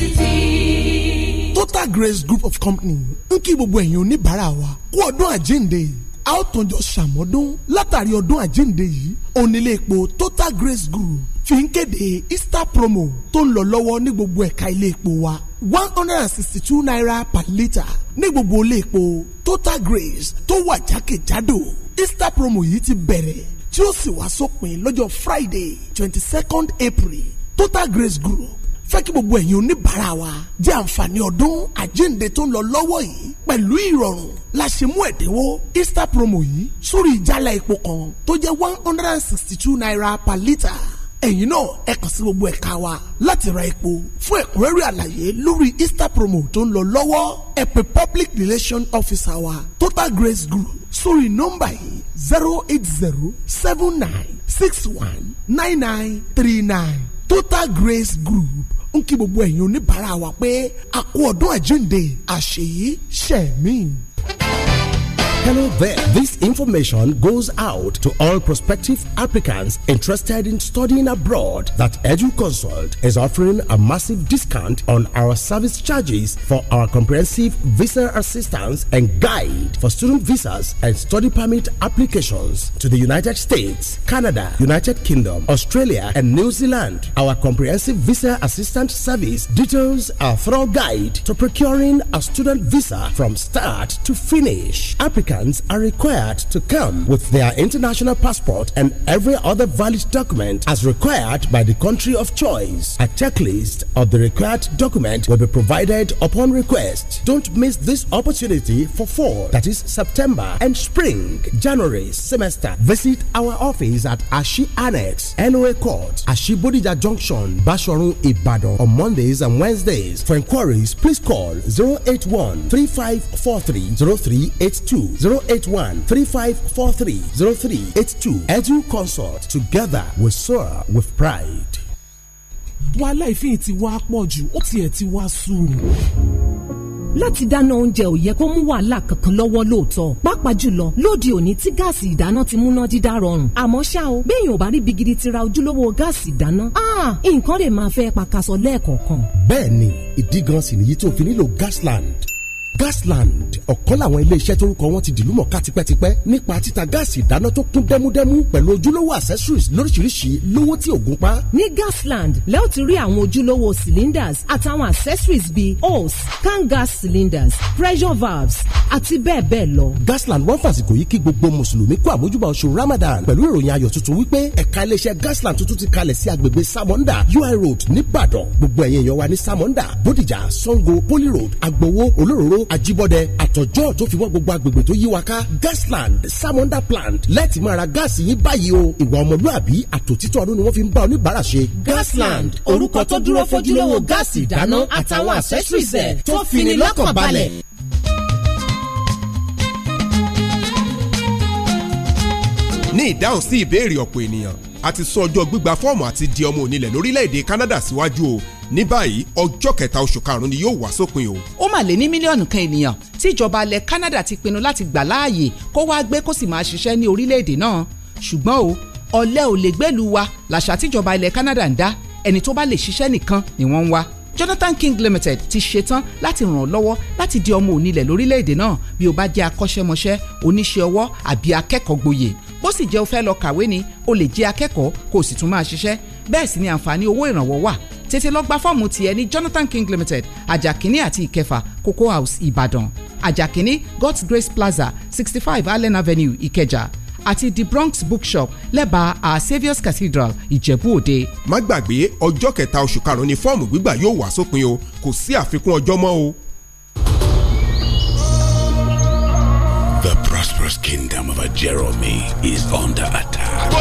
university. total grace group of company ń kí gbogbo ẹ̀yin oníbàárà wa kú ọdún àjíǹde a ó tún jọ látàrí ọdún àjíǹde yìí onílé epo total grace group fi ń kéde easter promo tó ń lọ lọ́wọ́ ní gbogbo ẹ̀ka ilé epo wa one hundred and sixty two naira per litre ní gbogbo ilé epo total grace tó wà jákèjádò easter promo yìí ti bẹ̀rẹ̀ tí ó sì wá sópin lọ́jọ́ friday twenty second april total grace group fẹ́ kí gbogbo ẹ̀yin oníbàárà wa jẹ́ àǹfààní ọdún àjíǹde tó ń lọ lọ́wọ́ yìí pẹ̀lú ìrọ̀rùn la ṣe mú ẹ̀dínwó Easter promo yìí sórí ìjálá epo kan tó jẹ́ one hundred and sixty two naira per litre ẹ̀yin náà ẹ kàn sí gbogbo ẹ̀ka wa láti ra epo fún ẹ̀kúnrẹ́rẹ́ àlàyé lórí Easter promo tó ń lọ lọ́wọ́ ẹ pè public relation officer wa Total Grace Group sórí nọ́mbà yìí zero eight zero seven nine six one nine nine three nine Total Grace Group ń kí gbogbo ẹ̀yin oníbàárà wa pé a kú ọdún àjíǹde àṣeyí ṣẹ̀mí. Hello there. This information goes out to all prospective applicants interested in studying abroad that EduConsult is offering a massive discount on our service charges for our comprehensive visa assistance and guide for student visas and study permit applications to the United States, Canada, United Kingdom, Australia, and New Zealand. Our comprehensive visa assistance service details a thorough guide to procuring a student visa from start to finish. Applicants applicants are required to come with their international passport and every other valid document as required by the country of choice. A checklist of the required document will be provided upon request. Don't miss this opportunity for fall, that is September and spring, January semester. Visit our office at Ashi Annex, NOA Court, Ashi Bodija Junction, Bashorun, Ibadan on Mondays and Wednesdays. For inquiries, please call 081 3543 0382 Zero zero eight one three three five four 081 3543 0382. Edu Consult together we soar with pride. wàhálà ìfihìn ti wá pọ̀ jù ó tiẹ̀ ti wá sùúrù láti dáná oúnjẹ ò yẹ kó mú wàhálà kankan lọ́wọ́ lóòótọ́ pàápàá jùlọ lóde òní tí gáàsì ìdáná ti múná dídá rọrùn àmọ́ ṣá o béèyàn ò bá rí bigidi ti ra ojúlówó gáàsì ìdáná nǹkan lè máa fẹ́ pàkàṣọ lẹ́ẹ̀kọ̀ọ̀kan. bẹ́ẹ̀ni ìdí gan sì nìyí tó fi nílò Gasland Gasland ọ̀kan làwọn iléeṣẹ́ tórúkọ wọn ti dìlú mọ̀ká tipẹ́tipẹ́ nípa títa gáàsì ìdáná tó kún dẹ́múdẹ́mú pẹ̀lú ojúlówó accessories lóríṣiríṣi lówó tí ògùn pa. ní Gasland lẹ́ẹ̀ ti rí àwọn ojúlówó cylinders àtàwọn accessories bíi hose can gas cylinders pressure valves àti bẹ́ẹ̀ bẹ́ẹ̀ lọ. Gasland wọ́n fàsìkò yìí kí gbogbo mùsùlùmí kó àmójúbà oṣù Ramadan pẹ̀lú ìròyìn ayọ̀ tuntun wípé ẹ̀ka iléeṣẹ́ Gasland tuntun ti kalẹ̀ sí agbègbè Samonda UI road nìbàdàn gbogbo ẹ̀yin èèyàn wa ní Samonda Bódìjà Sango Poly road Agbowo Olóróró Ajibode àtọ̀jọ́ tó fi wọ́ gbogbo agbègbè tó yí wa ká gasland samonda plant láti máa ra gáàsì yín báyìí o ìwà ọmọlúàbí àtòtítọ́ ọdún ni wọ́n fi ń bá oníbàárà ṣe. gasland orúkọ tó dúró fojúlówó gáàsì ìdáná àtàwọn accessories ẹ̀ tó fini lọ́kàn balẹ̀. ní ìdáhùn sí ìbéèrè ọ̀pọ̀ ènìyàn a ti sún ọjọ́ gbígba fọ́ọ̀mù àti di ọmọ onílẹ̀ lórílẹ̀‐èdè Canada síwájú o ní báyìí ọjọ́ kẹta oṣù karùn-ún ni yóò wá sópin o. ó mà lé ní mílíọ̀nù kan ènìyàn tí ìjọba ilẹ̀ Canada ti pinnu láti gbà láàyè kó wáá gbé kó sì máa ṣiṣẹ́ ní orílẹ̀‐èdè náà ṣùgbọ́n o ọ̀lẹ́ ò lè gbẹ́lu wa làṣà tíjọba ilẹ̀ Canada ń dá ẹni tó bá lè ṣiṣẹ́ nìkan ni wọ́n ń wá Jonathan King Limited ti ṣetán láti ràn ọ́ lọ́wọ́ láti di ọmọ onílẹ̀ lórílẹ̀‐èdè náà bí o bá jẹ́ akọ́ṣẹ́mọṣẹ́ oníṣẹ́ ọwọ́ àbí akẹ́kọ̀ọ́ gboyè bó sì jẹ́ o fẹ́ lọ kàwé ni o lè jẹ́ akẹ́kọ̀ọ́ kó o sì tún máa ṣiṣẹ́ bẹ́ẹ̀ sì ni àǹfààní owó ìrànwọ́ wà tètè lọ gba fọ́ọ̀mù tiẹ̀ ní Jonathan King Limited ajakini àti ìkẹfà Cocoa House Ìbàdàn ajakini God's Grace Plaza sixty five Allen Avenue Ìkẹjà àti the Bronx Bookshop lẹ́bàá Our Saviour's Cathedral Ìjẹ̀bú Òde. má gbàgbé ọjọ́ kẹta oṣù karùn-ún ni fọ́ọ̀mù gbígbà yóò wá sópin o kò sí àfikún ọjọ́ mọ́ o. Emperor's kingdom of a Jeremy is under attack.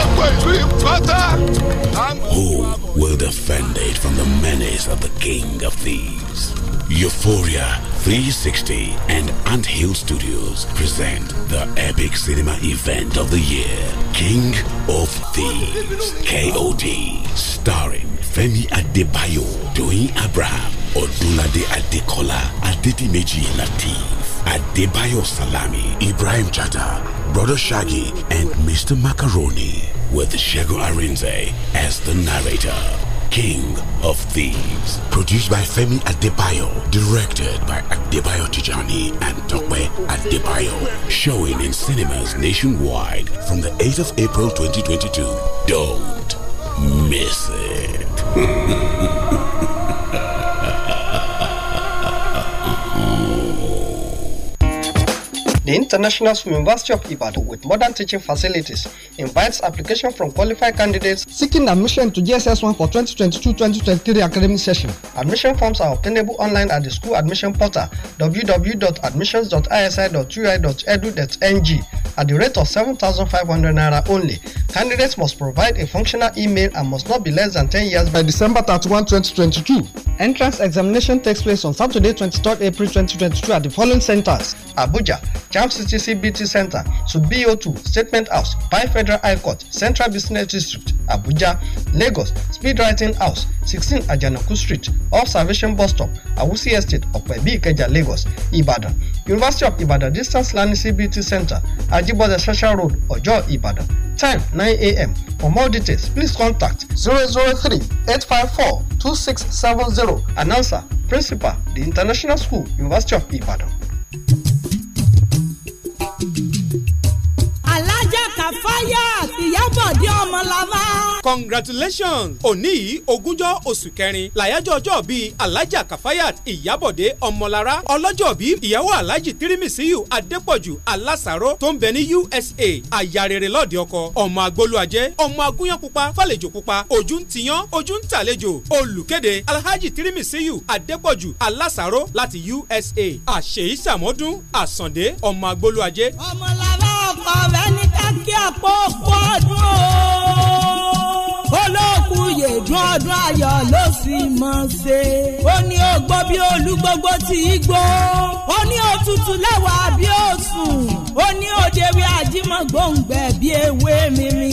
Who will defend it from the menace of the King of Thieves? Euphoria 360 and Ant Hill Studios present the epic cinema event of the year, King of Thieves, KOD, starring Femi Adebayo, Doyin Abraham, Odulade Adekola, Adedimeji Latif. Adebayo Salami, Ibrahim Chata, Brother Shaggy, and Mr. Macaroni, with Shego Arinze as the narrator. King of Thieves, produced by Femi Adebayo, directed by Adebayo Tijani and Tokwe Adebayo, showing in cinemas nationwide from the 8th of April 2022. Don't miss it. (laughs) The International University of Ibadan, with modern teaching facilities, invites application from qualified candidates seeking admission to GSS1 for 2022-2023 academic session. Admission forms are obtainable online at the school admission portal www.admissions.isi.ui.edu.ng e at the rate of 7,500 naira only. Candidates must provide a functional email and must not be less than 10 years by December 31, 2022. Entrance examination takes place on Saturday, 23rd April 2022 at the following centers: Abuja, Camp 66 BT Center to BO2 Statement House by Federal High Court Central Business District Abuja, Lagos Speed Writing House 16 Ajanaku Street Observation Bus Stop Awusi Estate Ọ̀pẹ̀bí Ìkẹjà Lagos Ibadan, University of Ibadan Distance Learning CBT Center Ajibode Social Road Ojo, Ibadan. time 9am for more details please contact 003-854-2670 announcer principal the international school university of ibadan. congratulations òní yìí ogúnjọ́ oṣù kẹrin làyájọ́ ọjọ́ bíi alhaja kafayat ìyábọ̀dé ọmọlára ọlọ́jọ́ bíi ìyàwó alhaji tirimisiyu adépọ̀jù alásàró tó ń bẹ ní usa àyàrèrè lọ́ọ̀dẹ ọkọ ọmọ agbolúajẹ ọmọ agúnyán pupa fàlejò pupa ojú ń tiyán ojú ń tàlejò olùkéde alhaji tirimisiyu adépọ̀jù alásàró láti usa àṣèyí sàmọ́dún àsàndé ọmọ agbolúajẹ. ọmọlára ọkọ rẹ ní kákí àpò ọkọ ọdún o olókùyè dún ọdún ayọ̀ ló sì mọ̀ ṣe. ó ní ògbó bí olúgbogbo ti igbó. ó ní òtútù lẹ́wàá bí òsùn. ó ní òdewé àjímọ̀ gbòǹgbẹ̀ bí ewé mímí.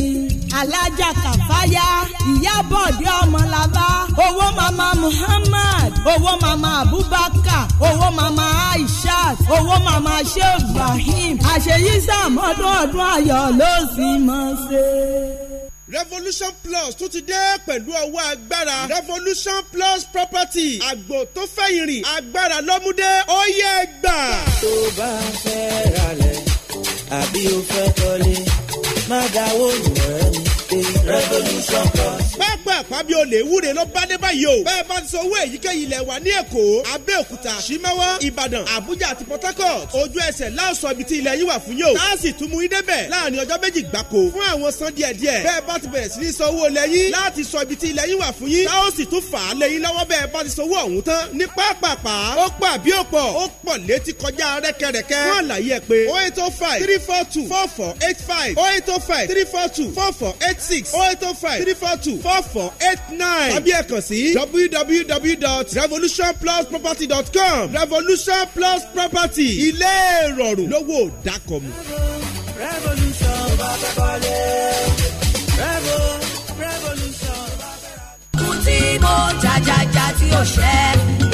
alájà kàfáyà ìyábọ̀dé ọmọlábá owó màmá muhammad owó màmá abubakar owó màmá aishat owó màmá sheikh ibrahim àṣeyísàmọ́dún ọdún ayọ̀ ló sì mọ̀ ṣe revolution plus tún ti dé pẹ̀lú ọwọ́ agbára revolution plus property àgbò tó fẹ́ ìrìn agbára lọ́múdé ó yẹ gbà. tó bá fẹ́ ralẹ̀ àbí o fẹ́ kọ́lé má dáwọ́ lù ẹ́ pé revolution plus. pápá àpábí olè wúre ló bá dé báyìí o. bẹ́ẹ̀ bá ti sọ owó èyíkéyìí ilẹ̀ wà ní èkó abẹ́òkúta simawa ìbàdàn àbújá àti port harcourt ojú ẹsẹ̀ láòsọ ibi tí ilẹ̀ yìí wà fún yóò. láàsì tún mú idẹ́bẹ̀ láàrin ọjọ́ méjì gbáko fún àwọn san díẹ̀ díẹ̀. bẹ́ẹ̀ bá ti bẹ̀rẹ̀ sí ní sọ owó ilẹ̀ yìí láti sọ ibi tí ilẹ̀ yìí wà fún yín. láòsì tún fà á lẹ́yìn lọ́wọ́ bẹ́ẹ̀ bá ti sọ owó ọ̀hún tán ní pápápá ó pọ̀ àbí ó pọ̀ ó pọ̀ létí kọjá rẹ́kẹrẹ́kẹ́. fún àlàyé ẹ pé oh eight oh five three four two four oh eight oh five three four two four four eight nine tàbí ẹ kàn sí www.revolutionplusproperty.com revolution plus property ilé ìrọ̀rùn lówó dákọ̀mù. revolution kùtì kò jàjàjà tí ó ṣẹ́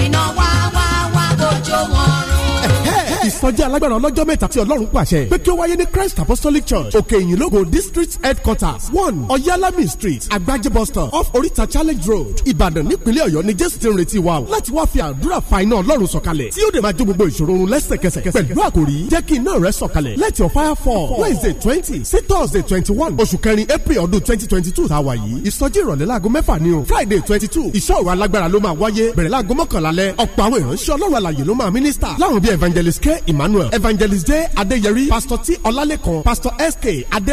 iná wá wá wá bójú wọn ìsọjí alágbára ọlọ́jọ́ mẹ́ta tí ọlọ́run pàṣẹ pé kí ó wáyé ní Christ Apostolic Church òkè ìyìnlógo district headquarters one Oyalami street agbájé bus stop off oríta challenge road Ìbàdàn nípínlẹ̀ Ọ̀yọ́ ni Jésù ti ń retí wa o láti wá fi àdúrà fa iná ọlọ́run sọ̀kalẹ̀ tí yóò dé máa jó gbogbo ìṣòro oorun lẹ́sẹ̀kẹsẹ̀ pẹ̀lú àkòrí jẹ́ kí iná rẹ sọ̀kalẹ̀ let your fire fall Wednesday twenty sí Thursday twenty one oṣù kẹrin April ọdún twenty twenty two tá a wà yìí ìsọjí ìrọ̀lẹ́ Friday twenty two ìṣọ́ ìwà alágbára ló máa wáyé bẹ̀rẹ̀ láago mọ́kànlá lẹ́ ọ̀pọ̀ àwọn ìránṣẹ́ emmanuel evangelist j adeyeri pastor t ọlálẹ́kan pastor sk adé